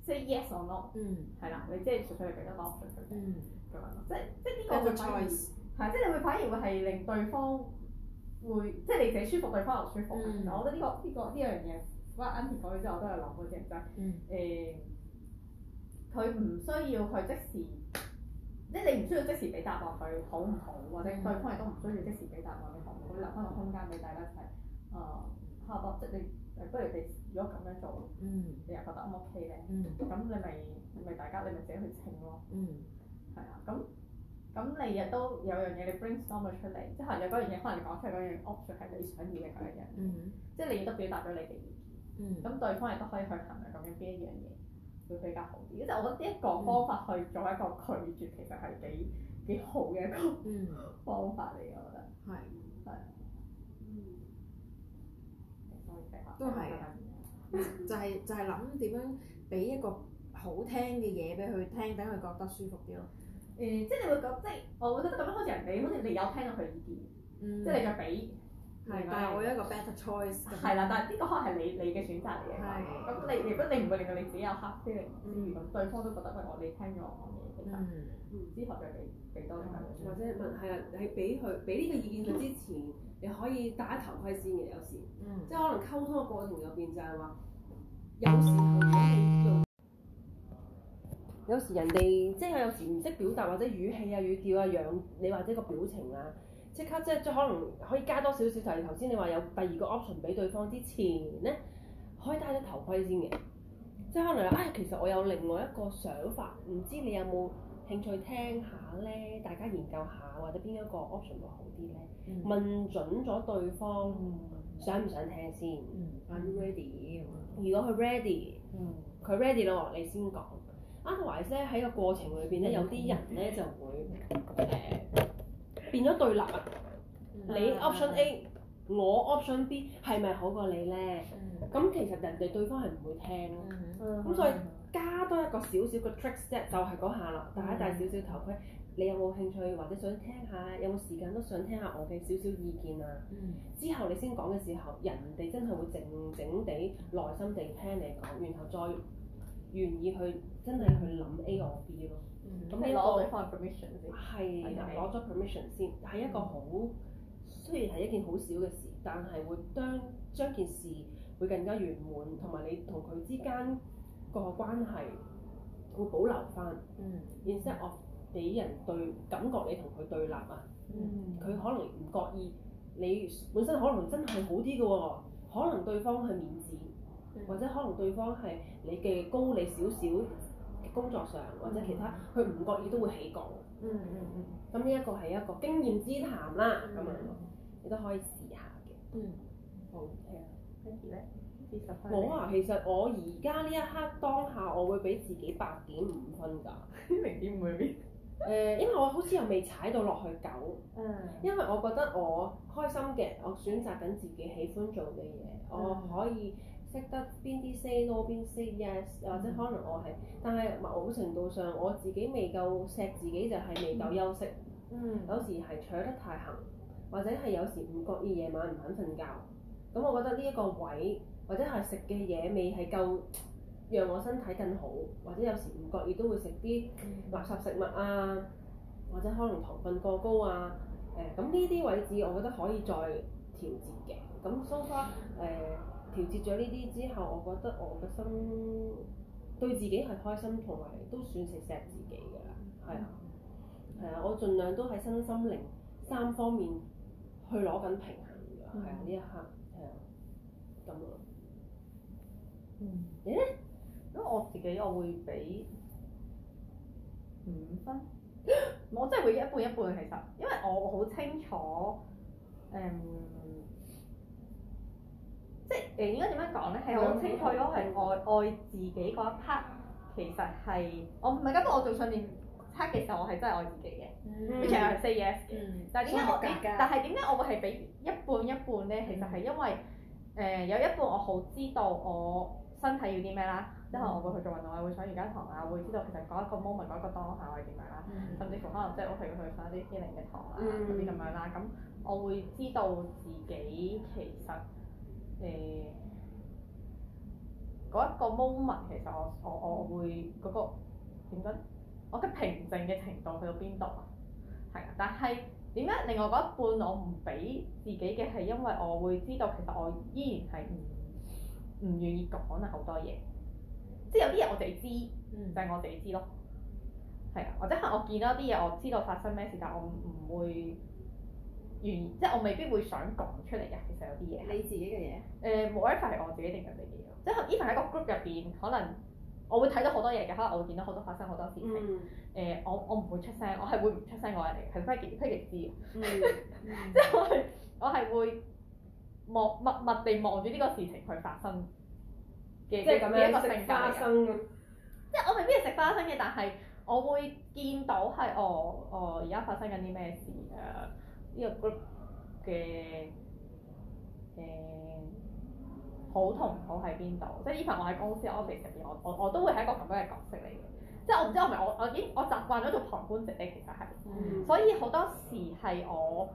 ，say yes or no。嗯。係啦，你即係純粹係俾個 option 佢。嗯。咁樣咯，即係即係呢個係，即係你會反而會係令對方會，即係你自己舒服，對方又舒服。嗯、我覺得呢、呢個呢、呢個呢樣嘢，哇、呢個、Annie 講完之後，我都係諗嗰啲，就係誒，佢唔、呃、需要去即時，即係你唔需要即時俾答案佢好唔好，或者對方亦都唔需要即時俾答案你好唔好。佢留翻個空間俾大家就係，啊、呃，下多、嗯、即你不如你如果咁樣做，你又覺得 o 唔 k 咧，咁、嗯、你咪咪大家你咪自己去清咯，係啊、嗯，咁。咁你亦都有樣嘢，你 brainstorm 佢出嚟，即係可能有嗰樣嘢，可能你講出嗰樣 option 係、嗯嗯、你想要嘅嗰樣嘢，即係你亦都表達咗你嘅意見。咁、嗯嗯、對方亦都可以去衡量究竟邊一樣嘢會比較好啲。即係我覺得呢一個方法去做一個拒絕，其實係幾幾好嘅一個方法嚟，我覺得。係。係是。嗯。都可以傾下。都係。
就係就係諗點樣俾一個好聽嘅嘢俾佢聽，等佢覺得舒服啲咯。誒，即係你會覺，
即係我會覺得咁樣好似人哋，好似你有聽到佢意見，
即係你就俾，
係，但係我有一個 better
choice，係啦，但
係呢個可能係你你嘅選擇嚟嘅，咁你，如果你唔會令到你自己有黑車，咁對方都覺得喂，我你聽咗我講嘅嘢，其
實支持咗俾多或者問係啊，你俾佢俾呢個意見佢之前，你可以戴頭盔先嘅，有時，即係可能溝通嘅過程入邊就係話，有時候你用。有時人哋即係有時唔識表達，或者語氣啊、語調啊、樣你或者個表情啊，即刻即即、即係、可能可以加多少少。提頭先，你話有第二個 option 俾對方之前咧，可以戴咗頭盔先嘅，即係可能啊、哎，其實我有另外一個想法，唔知你有冇興趣聽下咧？大家研究下或者邊一個 option 會好啲咧？問準咗對方、嗯、想唔想聽先 Are you、嗯、ready？如果佢 ready，佢、嗯、ready 咯，你先講。Otherwise 咧，喺個過程裏邊咧，嗯、有啲人咧、嗯、就會誒、呃、變咗對立啊！嗯、你 option A、嗯、我 option B，係咪好過你咧？咁、嗯、其實人哋對方係唔會聽咯。咁所以加多一個少少個 tricks 啫，就係嗰下啦。戴一戴少少頭盔，嗯、你有冇興趣或者想聽下？有冇時間都想聽下我嘅少少意見啊？嗯、之後你先講嘅時候，人哋真係會靜靜地、耐心地聽你講，然後，然後再。願意去真係去諗 A or B 咯，咁你攞咗 permission 先，係攞咗 permission 先，係一個好，雖然係一件好小嘅事，mm hmm. 但係會將將件事會更加圓滿，同埋你同佢之間個關係會保留翻。嗯、mm。Hmm. 然之後我俾人對感覺你同佢對立啊，佢、mm hmm. 可能唔覺意，你本身可能真係好啲嘅喎，可能對方係面子。或者可能對方係你嘅高你少少工作上，mm hmm. 或者其他佢唔覺意都會起槓、mm hmm. 嗯。嗯嗯嗯。咁呢一個係一個經驗之談啦。嗯、mm。咁啊，你都可以試下嘅。嗯、mm，好、hmm. 嘅、okay. mm。跟住咧，幾十分？我啊，其實我而家呢一刻 [LAUGHS] 當下，我會俾自己八點五分㗎。零點五分？因為我好似又未踩到落去九。嗯、mm。Hmm. 因為我覺得我開心嘅，我選擇緊自己喜歡做嘅嘢，我可以。Hmm. Mm hmm. 得邊啲 say no，邊啲 say yes，或者可能我係，但係某程度上我自己未夠錫自己，就係、是、未夠休息。嗯。有時係搶得太行，或者係有時唔覺意夜晚唔肯瞓覺。咁我覺得呢一個位，或者係食嘅嘢未係夠讓我身體更好，或者有時唔覺意都會食啲垃圾食物啊，或者可能糖分過高啊。誒、呃，咁呢啲位置我覺得可以再調節嘅。咁 so far 誒。調節咗呢啲之後，我覺得我嘅心對自己係開心，同埋都算係錫自己㗎，係啊，係啊、mm，hmm. uh, 我盡量都喺身心靈三方面去攞緊平衡㗎，係啊呢一刻，係、uh, 啊，咁啊、mm，嗯，
誒，咁我自己我會俾五分，mm hmm. [LAUGHS] 我真係會一半一半其實，因為我好清楚，誒、um。即係誒、呃、應該點樣講咧？係好清楚我，如果係愛愛自己嗰一 part，其實係我唔係覺得我做睡眠 part 嘅時候我，我係真係愛自己嘅，佢成日係 say yes 嘅、嗯。 但點解我俾？但係點解我會係俾一半一半咧？嗯、其實係因為誒、呃、有一半我好知道我身體要啲咩啦，之後、嗯、我會去做運動啊，我會上瑜伽堂啊，會知道其實嗰一個 moment 嗰一個當下係點樣啦。嗯、甚至乎可能即係我譬如去上一啲啲另嘅堂啊嗰啲咁樣啦，咁我會知道自己其實。誒嗰一個 moment，其實我我我會嗰、嗰個點講？我嘅平靜嘅程度去到邊度啊？係啊，但係點解另外嗰一半我唔俾自己嘅係因為我會知道其實我依然係唔唔願意講好多嘢，即係有啲嘢我哋知，就、嗯、係我哋知咯。係啊，或者係我見到啲嘢我知道發生咩事，但我唔會。即係我未必會想講出嚟嘅，其實有啲嘢。你自己嘅嘢？誒 whatever 係我自己定人哋嘅嘢， [NOISE] 即係 even 喺個 group 入邊，可能我會睇到好多嘢嘅，可能我會見到好多發生好多事情。誒、嗯呃，我我唔會出聲，我係會唔出聲過人哋，係 freaky 即係我係我係會望默默地望住呢個事情去發生嘅。即係是咁樣食花生即係我未必係食花生嘅，但係我會見到係哦哦，而、哦、家、哦哦哦、發生緊啲咩事啊？呢個 group 嘅誒好同唔好喺邊度？即係依排我喺公司 office 入邊，我我我都會係一個咁樣嘅角色嚟嘅，即係我唔知係咪我我已經我習慣咗做旁觀者，其實係，嗯、所以好多時係我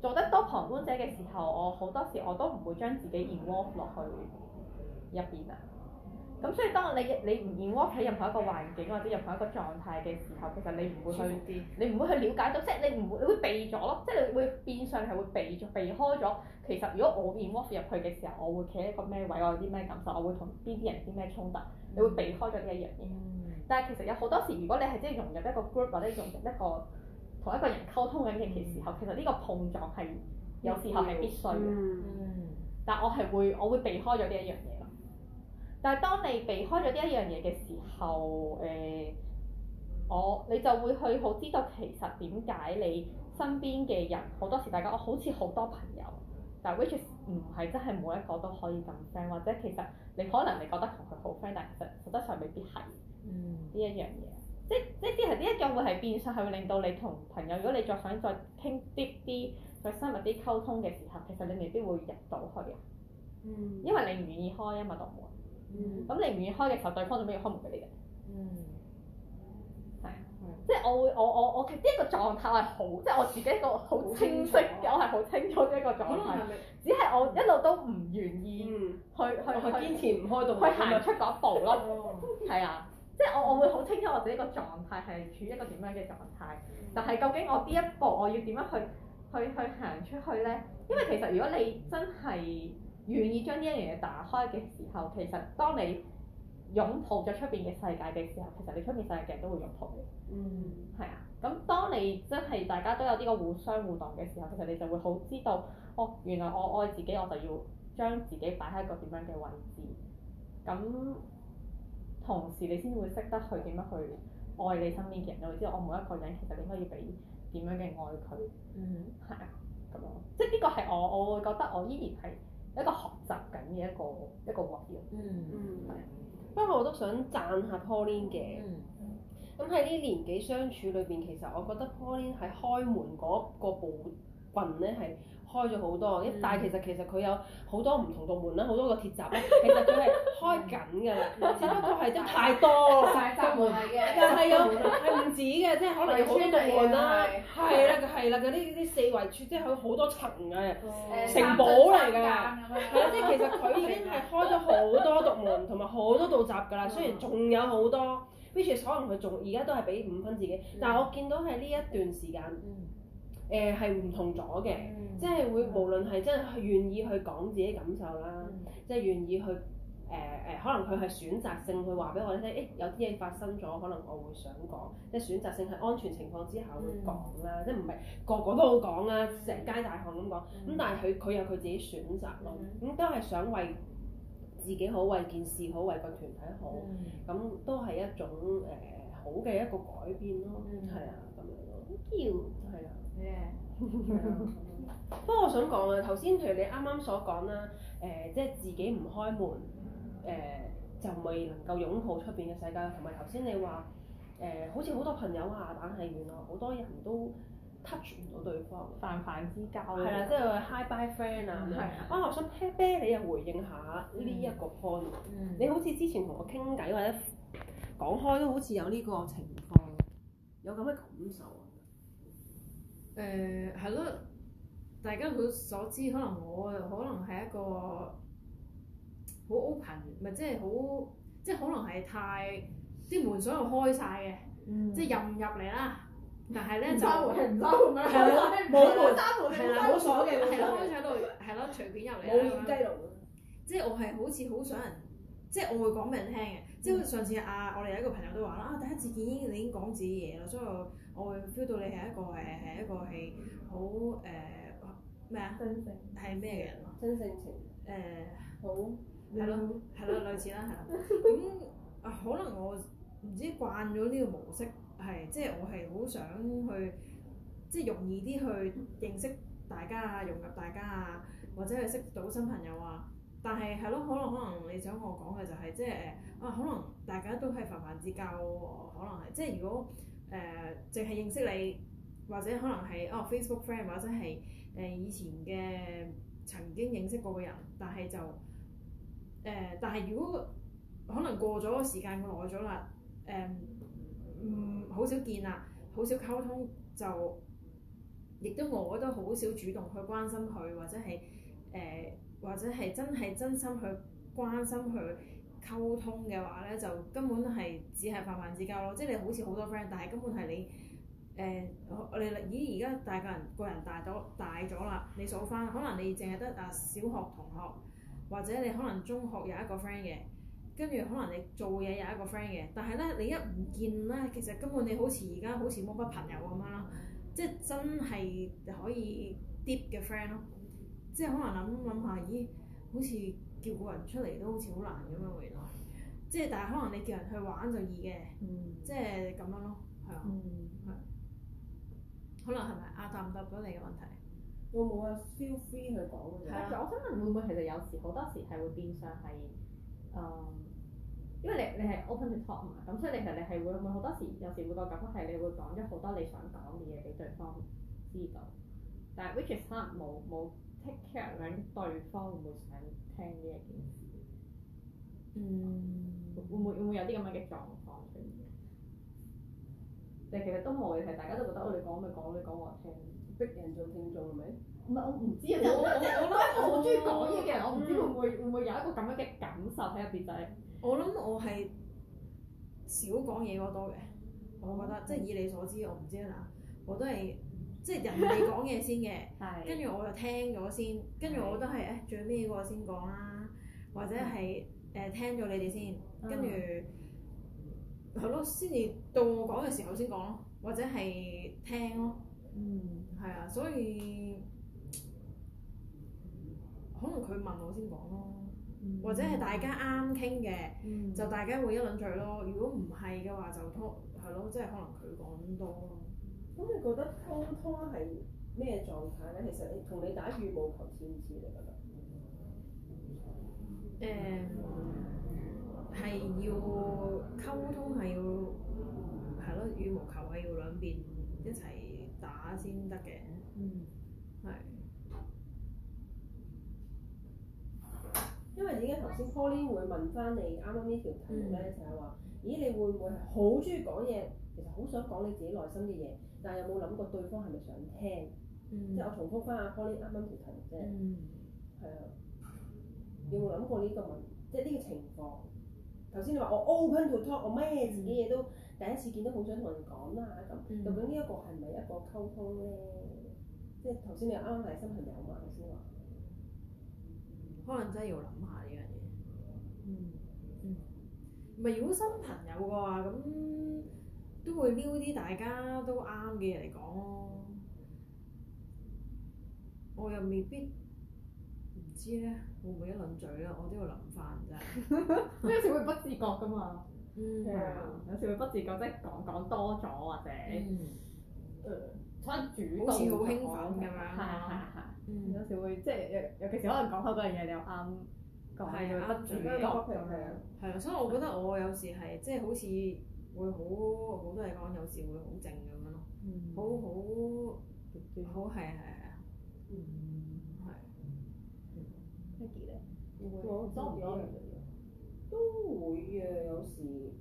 做得多旁觀者嘅時候，我好多時我都唔會將自己 involve 落去入邊啊。咁、嗯、所以當你你唔 involve 喺任何一個環境 Yeah. 或者任何一個狀態嘅時候，其實你唔會去，知，你唔會去了解到，即係你唔會你會避咗咯，即係你會變相係會避咗，避開咗。其實如果我 involve 入去嘅時候，我會企喺一個咩位，我有啲咩感受，我會同邊啲人啲咩衝突，mm. 你會避開咗呢一樣嘢。Mm. 但係其實有好多時，如果你係即係融入一個 group 或者融入一個同一個人溝通緊嘅時候，mm. 其實呢個碰撞係有時候係必須嘅。嗯。Mm. Mm. 但我係會我會避開咗呢一樣嘢。但係當你避開咗呢一樣嘢嘅時候，誒、呃，我你就會去好知道其實點解你身邊嘅人好多時大家我好似好多朋友，但係 which 唔係真係每一個都可以咁 friend，或者其實你可能你覺得同佢好 friend，但係實實質上未必係。嗯。呢一樣嘢，即係即係呢一，呢一種會係變相係會令到你同朋友，如果你再想再傾啲啲再深入啲溝通嘅時候，其實你未必會入到去啊。嗯。
因為
你唔願意開啊嘛，道門。咁、嗯啊、你唔願意開嘅時候，對方做咩要開門俾你嘅？嗯，係，即係我會，我我我嘅呢一個狀態係好，即係我自己一個好清晰嘅，我係好清楚呢一、嗯嗯、個狀態。嗯、只係我一路都唔願意去去堅持唔開到去，去行出嗰一步咯。係啊，即係我我會好清楚我自己個狀態係處於一個點樣嘅狀態，但係究竟我呢一步我要點樣去去去行出去咧？因為其實如果你真係。願意將呢一樣嘢打開嘅時候，其實當你擁抱咗出邊嘅世界嘅時候，其實你出邊世界嘅人都會擁抱你。嗯。係啊，咁當你真係大家都有呢個互相互動嘅時候，其實你就會好知道，哦，原來我愛自己，我就要將自己擺喺一個點樣嘅位置。咁，同時你先會識得去點樣去愛你身邊嘅人，就會知道我每一個人其實應該要俾點樣嘅愛佢。嗯。係啊，咁樣即係呢個係我，我
會覺得我依然係。一個學習緊嘅一個一個位啊，嗯嗯，是嗯不過我都想讚下 Pauline 嘅，嗯，咁喺呢年紀相處裏邊，其實我覺得 Pauline 喺開門嗰個部分咧，係。開咗好多，一但其實其實佢有好多唔同道門啦，好多個鐵閘啦，其實佢係開緊噶啦，只不過係即太多道門，又係有係唔止嘅，即係可能有好多道門啦，係啦係啦，嗰啲啲四圍處即係佢好多層嘅城堡嚟㗎，係啦，即係其實佢已經係開咗好多道門同埋好多道閘噶啦，雖然仲有好多，which is 可能佢仲而家都係俾五分自己，但係我見到係呢一段時間。誒係唔同咗嘅，mm hmm. 即係會無論係真係願意去講自己感受啦，mm hmm. 即係願意去誒誒、呃，可能佢係選擇性去話俾我哋聽，欸，有啲嘢發生咗，可能我會想講，即係選擇性喺安全情況之下會講啦，mm hmm. 即係唔係個個都好講啦，成街大巷咁講，咁、mm hmm. 但係佢佢有佢自己選擇咯，咁、mm hmm. 嗯、都係想為自己好，為件事好，為個團體好，咁、mm hmm. 都係一種誒、呃、好嘅一個改變咯，係、mm hmm. 啊，咁樣咯，要、hmm. 係 Yeah.、yeah. 不過 Yeah ,、yeah. [LAUGHS] 我想講啊，頭先譬如你啱啱所講啦，誒、呃，即係自己唔開門誒、呃，就未能夠擁抱出邊嘅世界，同埋頭先你話誒、呃，好似好多朋友啊，但係原來好多人都 touch 唔到對方，泛泛之交。係啦的，即係 hi-bye friend 的啊。係啊的。啊，我想聽咩？你又回應下呢一個 point。Mm. 你好似之前同我傾偈或者講開都好似有呢個情況，有咁嘅感
受。誒係咯，大家所，所知，可能我可能係一個好 open，咪即係好，即係可能係太即係門鎖又開晒嘅，即係入唔入嚟啦。但係咧就冇冇閂門嘅，係啦，冇鎖嘅。係咯啦，喺度係咯，隨便入嚟。冇掩雞籠。即係我係好似好想人，嗯、即係我會講俾人聽嘅。即係上次啊，我哋有一個朋友都話啦，啊第一次見你已經講自己嘢咯，所以我會 feel 到你係一個誒係、呃、一個係好誒咩啊？真性係咩嘅人咯、啊？真性情誒好係咯，係咯，類似啦係啦。咁啊、 [LAUGHS] 呃，可能我唔知慣咗呢個模式係，即係、就是、我係好想去，即、就、係、是、容易啲去認識大家啊，融入大家啊，或者係識到新朋友啊。但係係咯，可能可能你想我講嘅就係、是、即係誒，啊可能大家都係泛泛之交，可能係即係如果誒淨係認識你，或者可能係哦 Facebook friend 或者係誒、呃、以前嘅曾經認識過嘅人，但係就誒、呃，但係如果可能過咗時間，我耐咗啦，誒嗯好少見啦，好少溝通，就亦都我覺得好少主動去關心佢或者係誒。呃或者係真係真心去關心去溝通嘅話咧，就根本係只係泛泛之交咯。即係你好似好多 friend，但係根本係你誒，我、呃、哋咦而家大個人個人大咗大咗啦。你數翻，可能你淨係得啊小學同學，或者你可能中學有一個 friend 嘅，跟住可能你做嘢有一個 friend 嘅。但係咧，你一唔見咧，其實根本你好似而家好似冇乜朋友咁樣啦。即係真係可以 deep 嘅 friend 咯。即係可能諗諗下，咦？好似叫個人出嚟都好似好難咁樣。原來即係，但係可能你叫人去玩就易嘅，嗯、即係咁樣咯，係、嗯、啊，係可能係咪阿淡答唔答到你嘅問題？哦、
我冇啊 feel free
去講嘅啫。係啊，我想問會唔會其實有時好多時係會變相係誒、嗯，因為你你係 open to talk 啊嘛，咁所以你其實你係會唔會好多時有時會個感覺係你會講咗好多你想講嘅嘢俾對方知道，但係 which is hard 冇冇。take care，緊對方會唔會想聽呢一件事？嗯。會唔會，會，會有啲咁樣嘅狀況出現？但 [MUSIC] 其實都冇嘅，大家都覺得我哋講咪講，你講我聽，逼、嗯、人做聽眾係咪？唔係，我唔知，我我我我好中意講嘢嘅人，我
唔、 [LAUGHS] 嗯、知會唔會會唔會有一個咁樣嘅感受喺入邊底。我諗我係少講嘢嗰多嘅。我覺得，即係、嗯、以你所知，我唔知啦。我都係。即係人哋講嘢先嘅，跟住 [LAUGHS] 我就聽咗先，跟住我都係誒、欸、最尾嗰個先講啦，或者係誒、呃、聽咗你哋先，跟住係咯，先至到我講嘅時候先講咯，或者係聽咯，嗯，係啊，所以可能佢問我先講咯，嗯、
或者係大家
啱傾嘅，嗯、就大家會一輪嘴咯，如果唔係嘅話就拖係咯，即係可能佢講多。咁你覺得溝通係咩狀態咧？其實你同你打羽毛球似唔似？你覺得？誒，係要溝通係要係咯，羽毛球係要兩邊一齊打先得嘅。嗯、
mm.
是，係。
因為已經頭先科 o l 會問翻你啱啱呢條題咧，mm. 就係話：咦，你會唔會好中意講嘢？好想講你自己內心嘅嘢，但係有冇諗過對方係咪想聽？Mm hmm. 即係我重複翻阿 Colin 啱啱條題啫，係啊，剛剛 mm hmm. 有冇諗過呢個問題即係呢個情況？頭先你話我 open to talk，我咩自己嘢都、mm hmm. 第一次見到，好想同人講啦。咁究竟呢一個係咪一個溝通咧？Mm hmm. 即係頭先你啱啱係新朋友啊嘛？頭先話，hmm.
可能真係要諗下呢樣嘢。嗯，唔係如果新朋友嘅咁。都會撩啲大家都啱嘅人嚟講，我又未必唔知咧，會唔會一輪嘴咧？我都要諗翻真，
即有時會不自覺噶嘛，係啊，有時會不自覺即係講講多咗或者，誒，太主動好興奮咁樣咯，有時會即係，尤其是可能講開嗰樣嘢
你又啱，係啱住嘅，係啊，所以我覺得我有時係即係好似。會好好多嘢講，有時會靜、嗯、好靜咁樣咯，好好好係啊係啊係啊，係。Peggy 呢？我唔有多唔多，嗯、都會
嘅有時，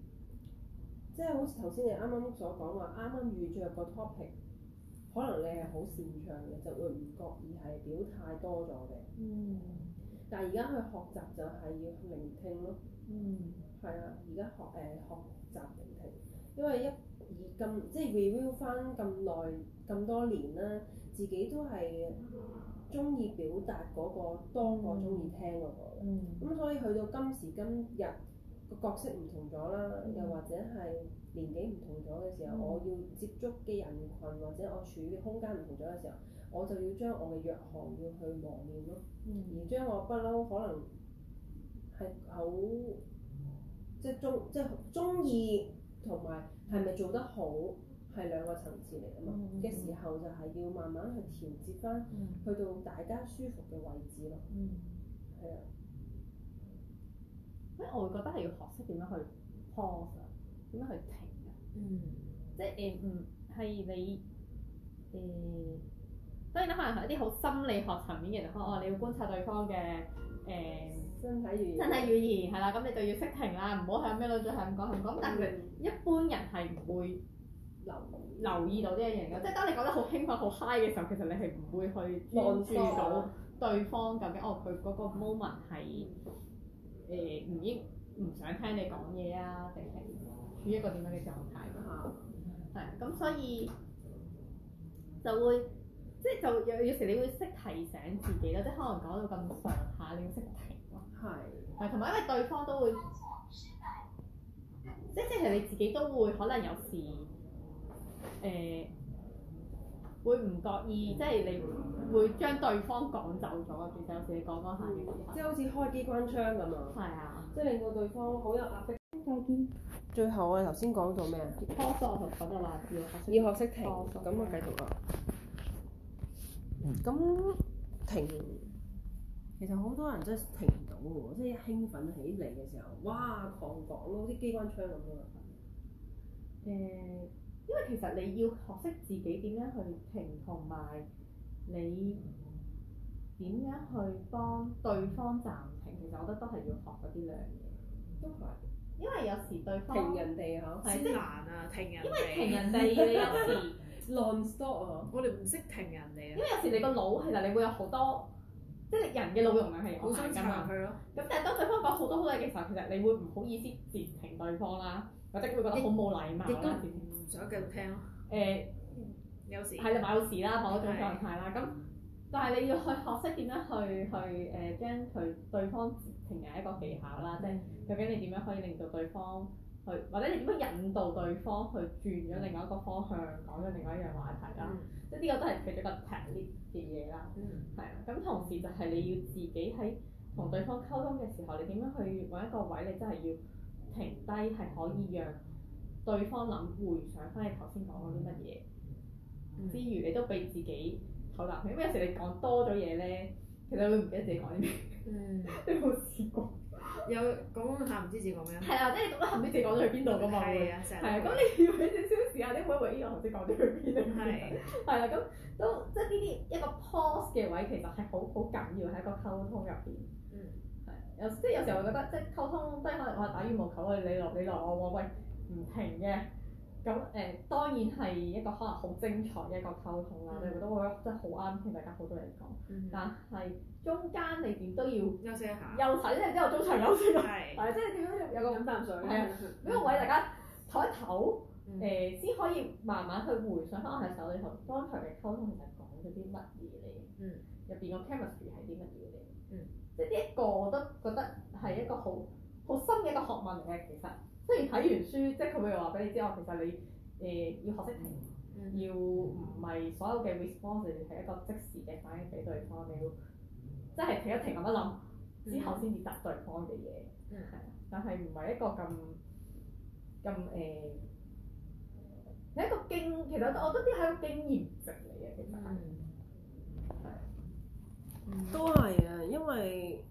即係好似頭先你啱啱所講話，啱啱遇着個 topic，可能你係好擅長嘅，就會唔覺意係表態多咗嘅。嗯。但係而家去學習就係要聆聽咯。嗯。係啊，而家學誒學，學習。因為一而咁即係 review 返咁耐咁多年啦，自己都係中意表達嗰、那個多過中意聽嗰、那個嘅，咁、嗯、所以去到今時今日個角色唔同咗啦，嗯、又或者係年紀唔同咗嘅時候，嗯、我要接觸嘅人群，或者我處嘅空間唔同咗嘅時候，我就要將我嘅弱項要去磨練咯，嗯、而將我不嬲可能係好即係中即係中意。同埋係咪做得好係兩個層次嚟啊嘛，嘅時候，就係要慢慢去調節翻，mm hmm. 去到大家舒服嘅位置咯。Mm hmm. 啊，所以我會覺得係要學識點
樣去 pause 啊，點樣去停啊、mm hmm. 呃。嗯，即係誒嗯係你誒、呃，當然啦，可能係一啲好心理學層面嘅人哦，你要觀察對方嘅。誒、嗯、身體語言，身體語言係啦，咁、嗯、你就要識停啦，唔好向邊度再向講，向講。但係一般人係唔會留留意到呢一樣嘢。嗯、即係當你講得好興奮、好 high 嘅時候，其實你係唔會去望住到對方究竟哦，佢嗰個 moment 係誒唔、呃、應唔想聽你講嘢啊，定係處於一個點樣嘅狀態㗎？嚇係咁、嗯、所以就會。即係就有有時你會識提醒自己咯，即係可能講到咁上下，你要識停咯。係的。同埋因為對方都會，即係即係你自己都會可能有時誒、呃、會唔覺意，的即係你會將對方趕走咗，其
實有時你講講下嘅話。的即係好似開機關槍咁啊！係啊的！即係令到對方好有壓迫。最後我哋頭先講到咩啊？就覺得要學識停。咁啊，哦、我繼續啊！咁、嗯、停，其實好多人真係停唔到喎，即係一興奮起嚟嘅時候，哇，狂講咯，啲機關槍咁樣。誒、呃，因為其實你要學識
自己點樣去停，同埋你點樣去幫對方暫停，其實我覺得都係要學嗰啲量嘢。都係，因為有時對方停人哋好，係難啊！
停人哋。因為停人哋有時。 [LAUGHS]
long stop 啊！我哋唔識停人哋。因為有時你個腦其實你會有好多，即係人嘅腦容量係有限㗎嘛。咁但係當對方講好多好嘢嘅時候，其實你會唔好意思截停對方啦，或者會覺得好冇禮貌啦，唔想繼續
聽咯。誒、呃，有時係啦，有
事啦，某一種狀態啦，咁
的但係你要去學識點樣去
去誒、呃、將佢對方截停人一個技巧啦，的即係究竟你點樣可以令到對方，去或者你點樣引導對方去轉咗另外一個方向講咗另外一樣話題啦，嗯、即係呢個都係佢中一個平啲嘅嘢啦，係啊、嗯，咁同時就係你要自己喺同對方溝通嘅時候，你點樣去揾一個位，你真係要停低，係可以讓對方諗回想翻你頭先講嗰啲乜嘢，之餘你都俾自己好難，嗯、因為有時你講多咗嘢咧，其實你都
唔記得自己講啲咩，你冇、嗯、 [LAUGHS] 試過。 [MUSIC] 有講下唔知自己講咩？係啊，即係讀得唔知自己講咗去邊度咁啊！係啊，係 [NOISE] 啊樂，咁你
要
畀啲超市啊，你會唔會呢個唔知講咗去邊啊？係，係 [NOISE] 啦樂，咁 [MUSIC] 都即係呢啲一個 pause 嘅位，其實係好好緊要喺個溝通入邊。嗯，係，有即係有時候會覺得即係溝通，即係可能我打羽毛球啊，你落你落我、哦、喂唔停嘅。咁誒當然係一個可能好精彩嘅一個溝通啦，你哋都覺得真係好啱傾，大家好多人講。但係中間你點都要休息一下，休息即係之後中場休息啦，係即係
點樣有個飲啖水，係啊，呢個位大家
唞一唞，誒先可以慢慢去回想翻我喺手裏頭當場嘅溝通其實講咗啲乜嘢嚟，入邊個 chemistry 係啲乜嘢嚟，即係呢一個我都覺得係一個好好深嘅一個學問嚟嘅，其實。即係睇完書，即係佢會話俾你知，我其實你誒、呃、要學識停，嗯、要唔係所有嘅 response 係、嗯、一個即時嘅反應俾對方，你要、嗯、即係停一停一，諗一諗之後先至答對方嘅嘢，係、嗯，但係唔係一個咁咁誒，係、嗯呃、一個經，其實我覺得啲係
一個經驗值嚟嘅，其實係，嗯、對都係啊，因為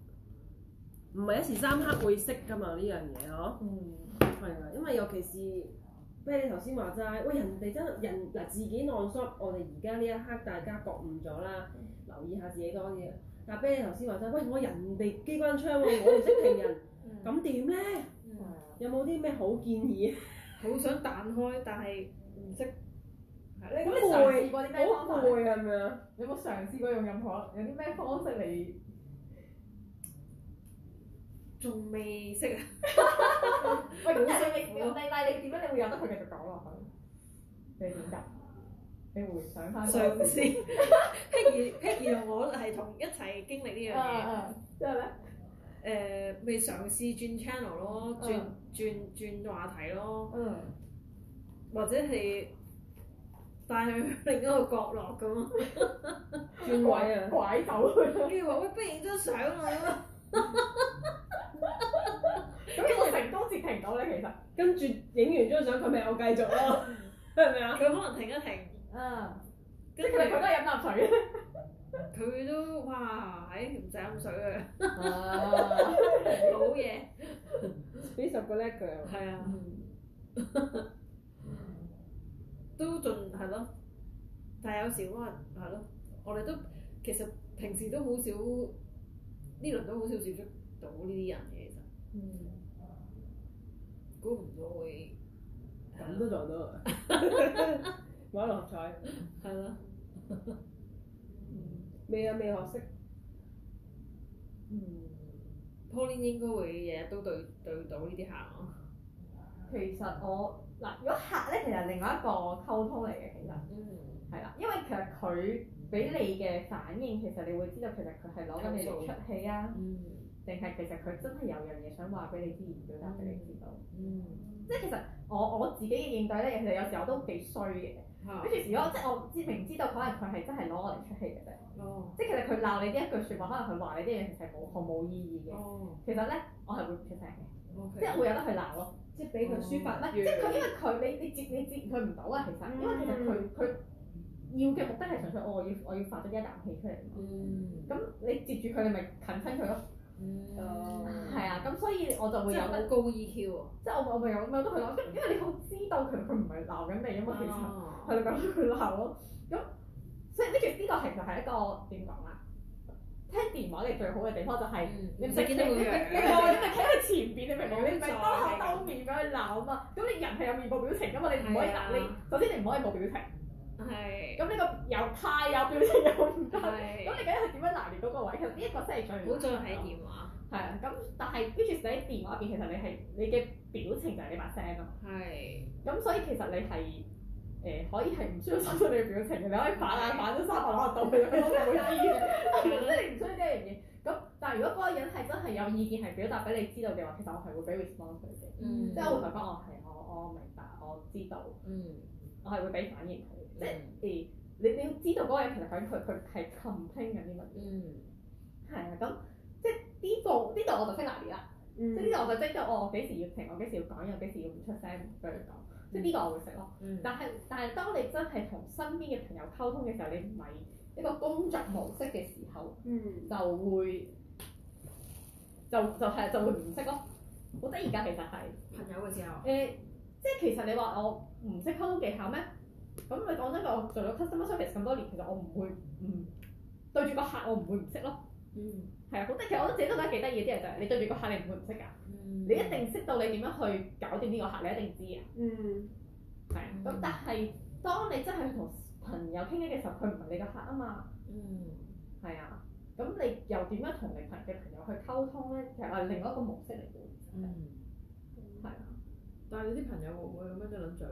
唔係一時三刻會識噶嘛呢樣嘢囉。這個係啊，因為尤其是，譬如你頭先話齋，喂人哋真係人嗱自己內縮，我哋而家呢一刻大家覺悟咗啦，留意下自己多啲。但係，譬如你頭先話齋，喂我人哋機關槍我唔識停人，咁點咧？ [LAUGHS] 有
冇啲咩好建議？好想彈開，但係唔識。咁你嘗試過啲咩方法？ [LAUGHS] 你法我係咪有冇嘗試過用任何有啲咩方式嚟？仲未識， [LAUGHS] 喂！冇水未？唔係，但係你點解？你會有得佢繼續講落
去？你點答？你會想返上
次？譬如譬如我係同一齊經歷呢樣嘢，之後咧，誒未、呃、嘗試轉 channel 咯，uh. 轉轉轉話題咯，uh. 或者係帶去另一個角落咁， [LAUGHS] 轉位啊 了，拐頭去。跟住話喂，不如影張相啊咁啊！咁 [LAUGHS] 我成功至停到
咧，其實跟住影完張相佢咪又繼續咯，
係咪啊？佢可能停一停，啊、 [LAUGHS] 嗯，跟住佢應該飲啖水。佢都哇，唉唔使
飲
水嘅，冇嘢，幾十個叻腳。係啊， [LAUGHS] [LAUGHS] 都盡係咯，但係有時可能係咯，我哋都其實平時都好少呢輪都好少少出。
到
呢啲人嘅其實，嗯，估唔到會咁都撞到，買六合彩，係
咯，未啊未學識，
嗯，Pauline 應該會日日都對對到呢啲客。
其實我嗱，如果客咧，其實另外一個溝通嚟嘅，其實，嗯，係啦，因為其實佢俾你嘅反應，其實你會知道，其實佢係攞緊你嚟出氣啊。嗯定係其實佢真係有樣嘢想話俾你知，唔想俾你知道。嗯。即係其實我我自己嘅應對咧，其實有時候都幾衰嘅。跟住，如果即係我明知道可能佢係真係攞我嚟出氣嘅啫。哦。
即係其實佢
鬧你呢一句説話，可能佢話你啲嘢係冇毫冇意義嘅。哦。其實咧，我係會出聲嘅，即係會有得去鬧咯，即係俾佢抒發咧。即係佢，因為佢你你接你接佢唔到啊！其實，因為其實佢佢要嘅目的係純粹，我要我要發咗一啖氣出嚟。嗯。咁你接住佢，你咪近親佢咯。
哦，係啊，咁所以我
就會有高 E Q，即係我我咪有咁樣有得佢講，因因為你好知道佢佢唔係鬧緊你啊嘛，其實係佢講佢鬧咯。咁所以呢件呢個其實係一個點講啊？聽電話你最好嘅地方就係你唔使見到，你你你你咪企喺佢前邊，你明唔明？你唔明當口兜面俾佢鬧啊嘛？咁你人係有面部表情噶嘛？你唔可以鬧你。首先，你唔可以冇表情。係。咁呢個有派有表情又唔得，咁你究竟係點樣拿捏嗰個位？其實呢一個真係最好重要係電話。係啊，咁但係跟住喺電話入邊，其實你係你嘅表情就係你把聲咯。係。咁所以其實你係誒可以係唔需要收縮你嘅表情嘅，你可以反眼反咗三百六十度去咯，冇依樣。係啊，即係唔需要呢樣嘢。咁但係如果嗰個人係真係有意見係表達俾你知道嘅話，其實我係會 respond 佢嘅，即係我會同佢講，我係我我明白，我知道，我係會俾反應即係誒，你你要知道嗰個嘢，其實佢佢佢係沉聽緊啲乜嘢。嗯。係、嗯、啊，咁即係呢度呢度我就識拿捏啦。即係呢度我就識即係，哦，幾時要停，我幾時要講，又幾時要唔出聲俾佢講。即係呢個我會識咯、嗯。但係但係，當你真係同身邊嘅朋友溝通嘅時候，你唔係一個工作模式嘅時候，嗯就就就就就，就會就就係就會唔識咯。好得而家其實係。朋友嘅時候。誒、欸，即、就、係、是、其實你話我唔識溝通技巧咩？咁咪講真個，做咗 customer service 咁多年，嗯、其實我唔、就是、會唔對住個客，我唔會唔識咯。嗯。係啊，好得，其實我覺得自己都真係幾得意啲人就係你對住個客，你唔會唔識噶。你一定識到你點樣去搞掂呢個客，你一定知啊、嗯。嗯。係啊，咁但係當你真係同朋友傾偈嘅時候，佢唔係你個客啊嘛。嗯。係啊，咁你又點樣同你朋嘅朋友去溝通咧？其實係另外一個模式嚟嘅、啊嗯。嗯。係、嗯、啊。但係你啲朋友會唔會咁樣即係嘴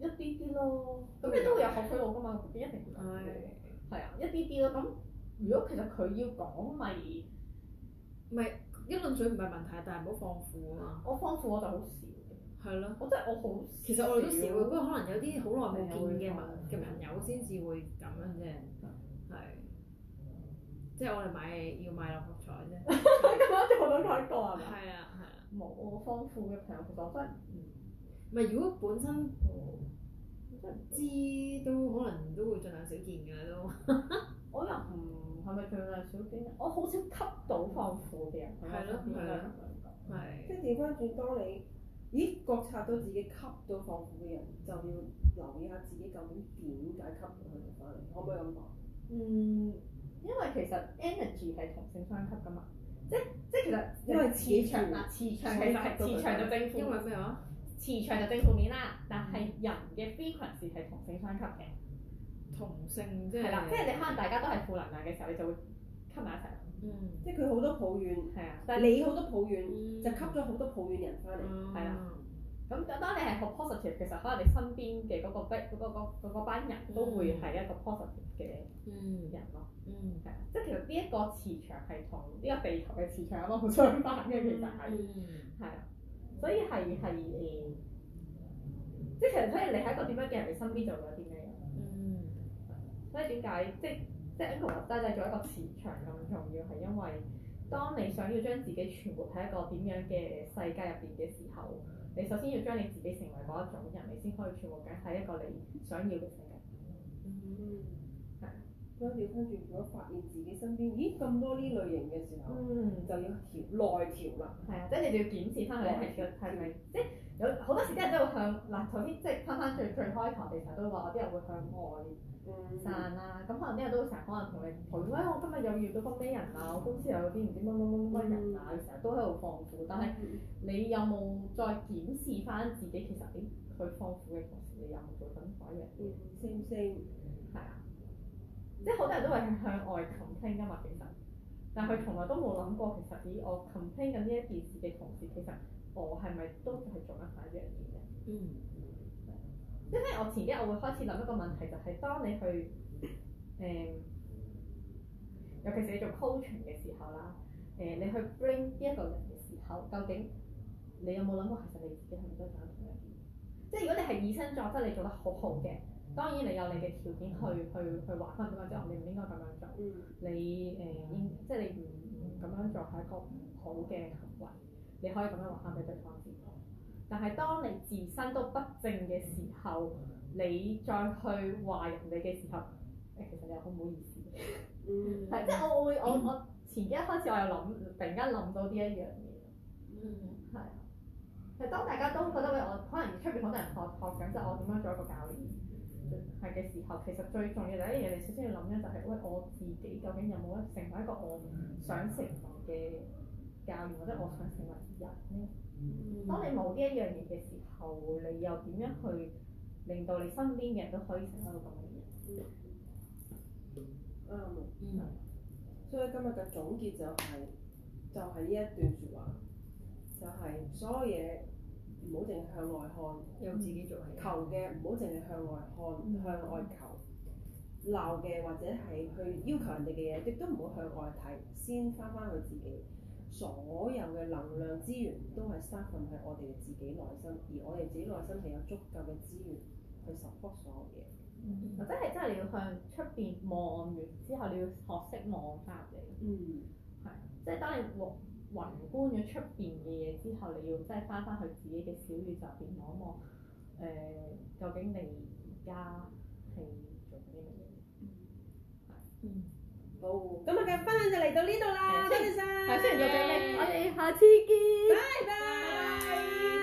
一啲啲咯，咁你都會有學佢落噶嘛？嗰邊一定會，係啊，一啲啲咯。咁如果其實佢要
講咪，咪一兩水唔係問題，但係唔好放負啊嘛。我放負我就好少，係咯。我真係我好少，其實我哋都少，不過可能有啲好耐冇見嘅朋嘅朋友先至會咁樣啫，係。即係我哋買要買六合彩啫，咁啱就六合彩過係嘛？係啊係啊，冇我放負嘅朋友其實我真係。唔係，如果本身即係知都可能都會盡量少見㗎都。可能，唔係咪盡量少
見？我好少吸到放虎嘅人。係咯係啊，係。即係調翻轉，當你咦覺察到自己吸到放虎嘅人，就要留意下自己究竟點解吸到佢啊？可唔可以咁講？嗯，因為其實 energy
係同性相吸㗎嘛，即係即係其實因為磁場，磁場其實磁場就正因為咩話？磁場就正負面啦，但係人嘅 frequency 係同性相
吸嘅，同性即係啦，即係你可能大家
都係負能量嘅時候，你就會吸埋一齊。嗯，
即係佢好多抱怨係啊，但係你好多抱怨、嗯、就吸咗好多抱怨人
翻嚟，係啦、嗯。咁當你係學 positive，其實可能你身邊嘅嗰、那個嗰班、那個那個那個那個、人都會係一個 positive 嘅人咯、嗯。嗯，係即係其實呢一個磁場係同呢個地球嘅磁場有好相反嘅，嗯、其實係係啊。嗯嗯所以係係誒，嗯、即係其實睇嚟你係一個點樣嘅人？你身邊就會有啲咩人。嗯。所以點解即係 [MUSIC] 即係一個核單單做一個磁場咁重要？係因為當你想要將自己全部喺一個點樣嘅世界入邊嘅時候，你首先要將你自己成為嗰一種人，你先可以全部嘅係一個你想要嘅世界。嗯。
跟住，如果發現自己身邊，咦，咁多呢類型嘅時候，嗯、就要調內調啦。係啊、嗯，即係你哋要檢視翻佢係咪
係咪，即係有好多時啲人都會向嗱，頭先即係翻翻最最開頭，我哋成日都話啲人會向外散啦。咁可能啲人都成日可能同你講，喂、嗯，我今日又遇到個咩人啊？我公司又有啲唔知乜乜乜乜人啊，成日都喺度放負，但係你有冇再檢視翻自己？其、嗯、實，誒佢放負嘅同時，你有冇做反反嘅？識唔識？嗯即係好多人都係向外傾聽㗎嘛，其實，但係佢從來都冇諗過，其實，咦，我傾聽緊呢一件事嘅同時，其實我係咪都係做緊下一樣嘢嘅？嗯。即係我前幾日，我會開始諗一個問題，就係、是、當你去誒、呃，尤其是你做 coaching 嘅時候啦，誒、呃，你去 bring 呢一個人嘅時候，究竟你有冇諗過，其實你自己係咪都做緊一樣嘢？嗯、即係如果你係以身作則，你做得好好嘅。當然，你有你嘅條件去、mm hmm. 去去話翻咁樣，即係我哋唔應該咁樣做。Mm hmm. 你誒應即係你唔咁樣做係一個唔好嘅行為，你可以咁樣話翻俾對方知。但係當你自身都不正嘅時候，你再去話人哋嘅時候，誒、欸、其實你係好唔好意思嘅。即 [LAUGHS] 係、mm hmm. [LAUGHS] 就是、我會我我前幾日開始我又諗突然間諗到呢一樣嘢，係、mm。其、hmm. 實、啊、當大家都覺得喂，我可能出邊好多人學學緊，即係我點樣做一個教練。係嘅時候，其實最重要第一樣嘢，你首先要諗一就係、是：喂，我自己究竟有冇一成為一個我想成為嘅教員，或者我想成為人咧？嗯、當你冇呢一樣嘢嘅時候，你又點樣去令到你身邊嘅人都可以
成為一個咁嘅人？啱、嗯。嗯。對 所以今日嘅總結就係、是，就係、是、呢一段説話，就係所有嘢。唔好淨係向外看，要自己做起。求嘅唔好淨係向外看， [NOISE] 向外求。鬧嘅或者係去要求人哋嘅嘢，亦都唔好向外睇，先翻翻去自己。所有嘅能量資源都係塞訓喺我哋自，自己內心，而我哋自己內心係有足夠嘅資源去 support 所有嘢。
[NOISE] [NOISE] 或者係真係你要向出邊望完之後，你要學識望翻嚟。嗯，係，即係當你宏觀咗出邊嘅嘢之後，你要真係翻返去自己嘅小宇宙入邊望一望，誒、呃，究竟你而家係做呢樣嘢？嗯，好，
咁啊，今日嘅分享就嚟到呢度啦，多、嗯、謝曬謝，我哋下次見，拜拜。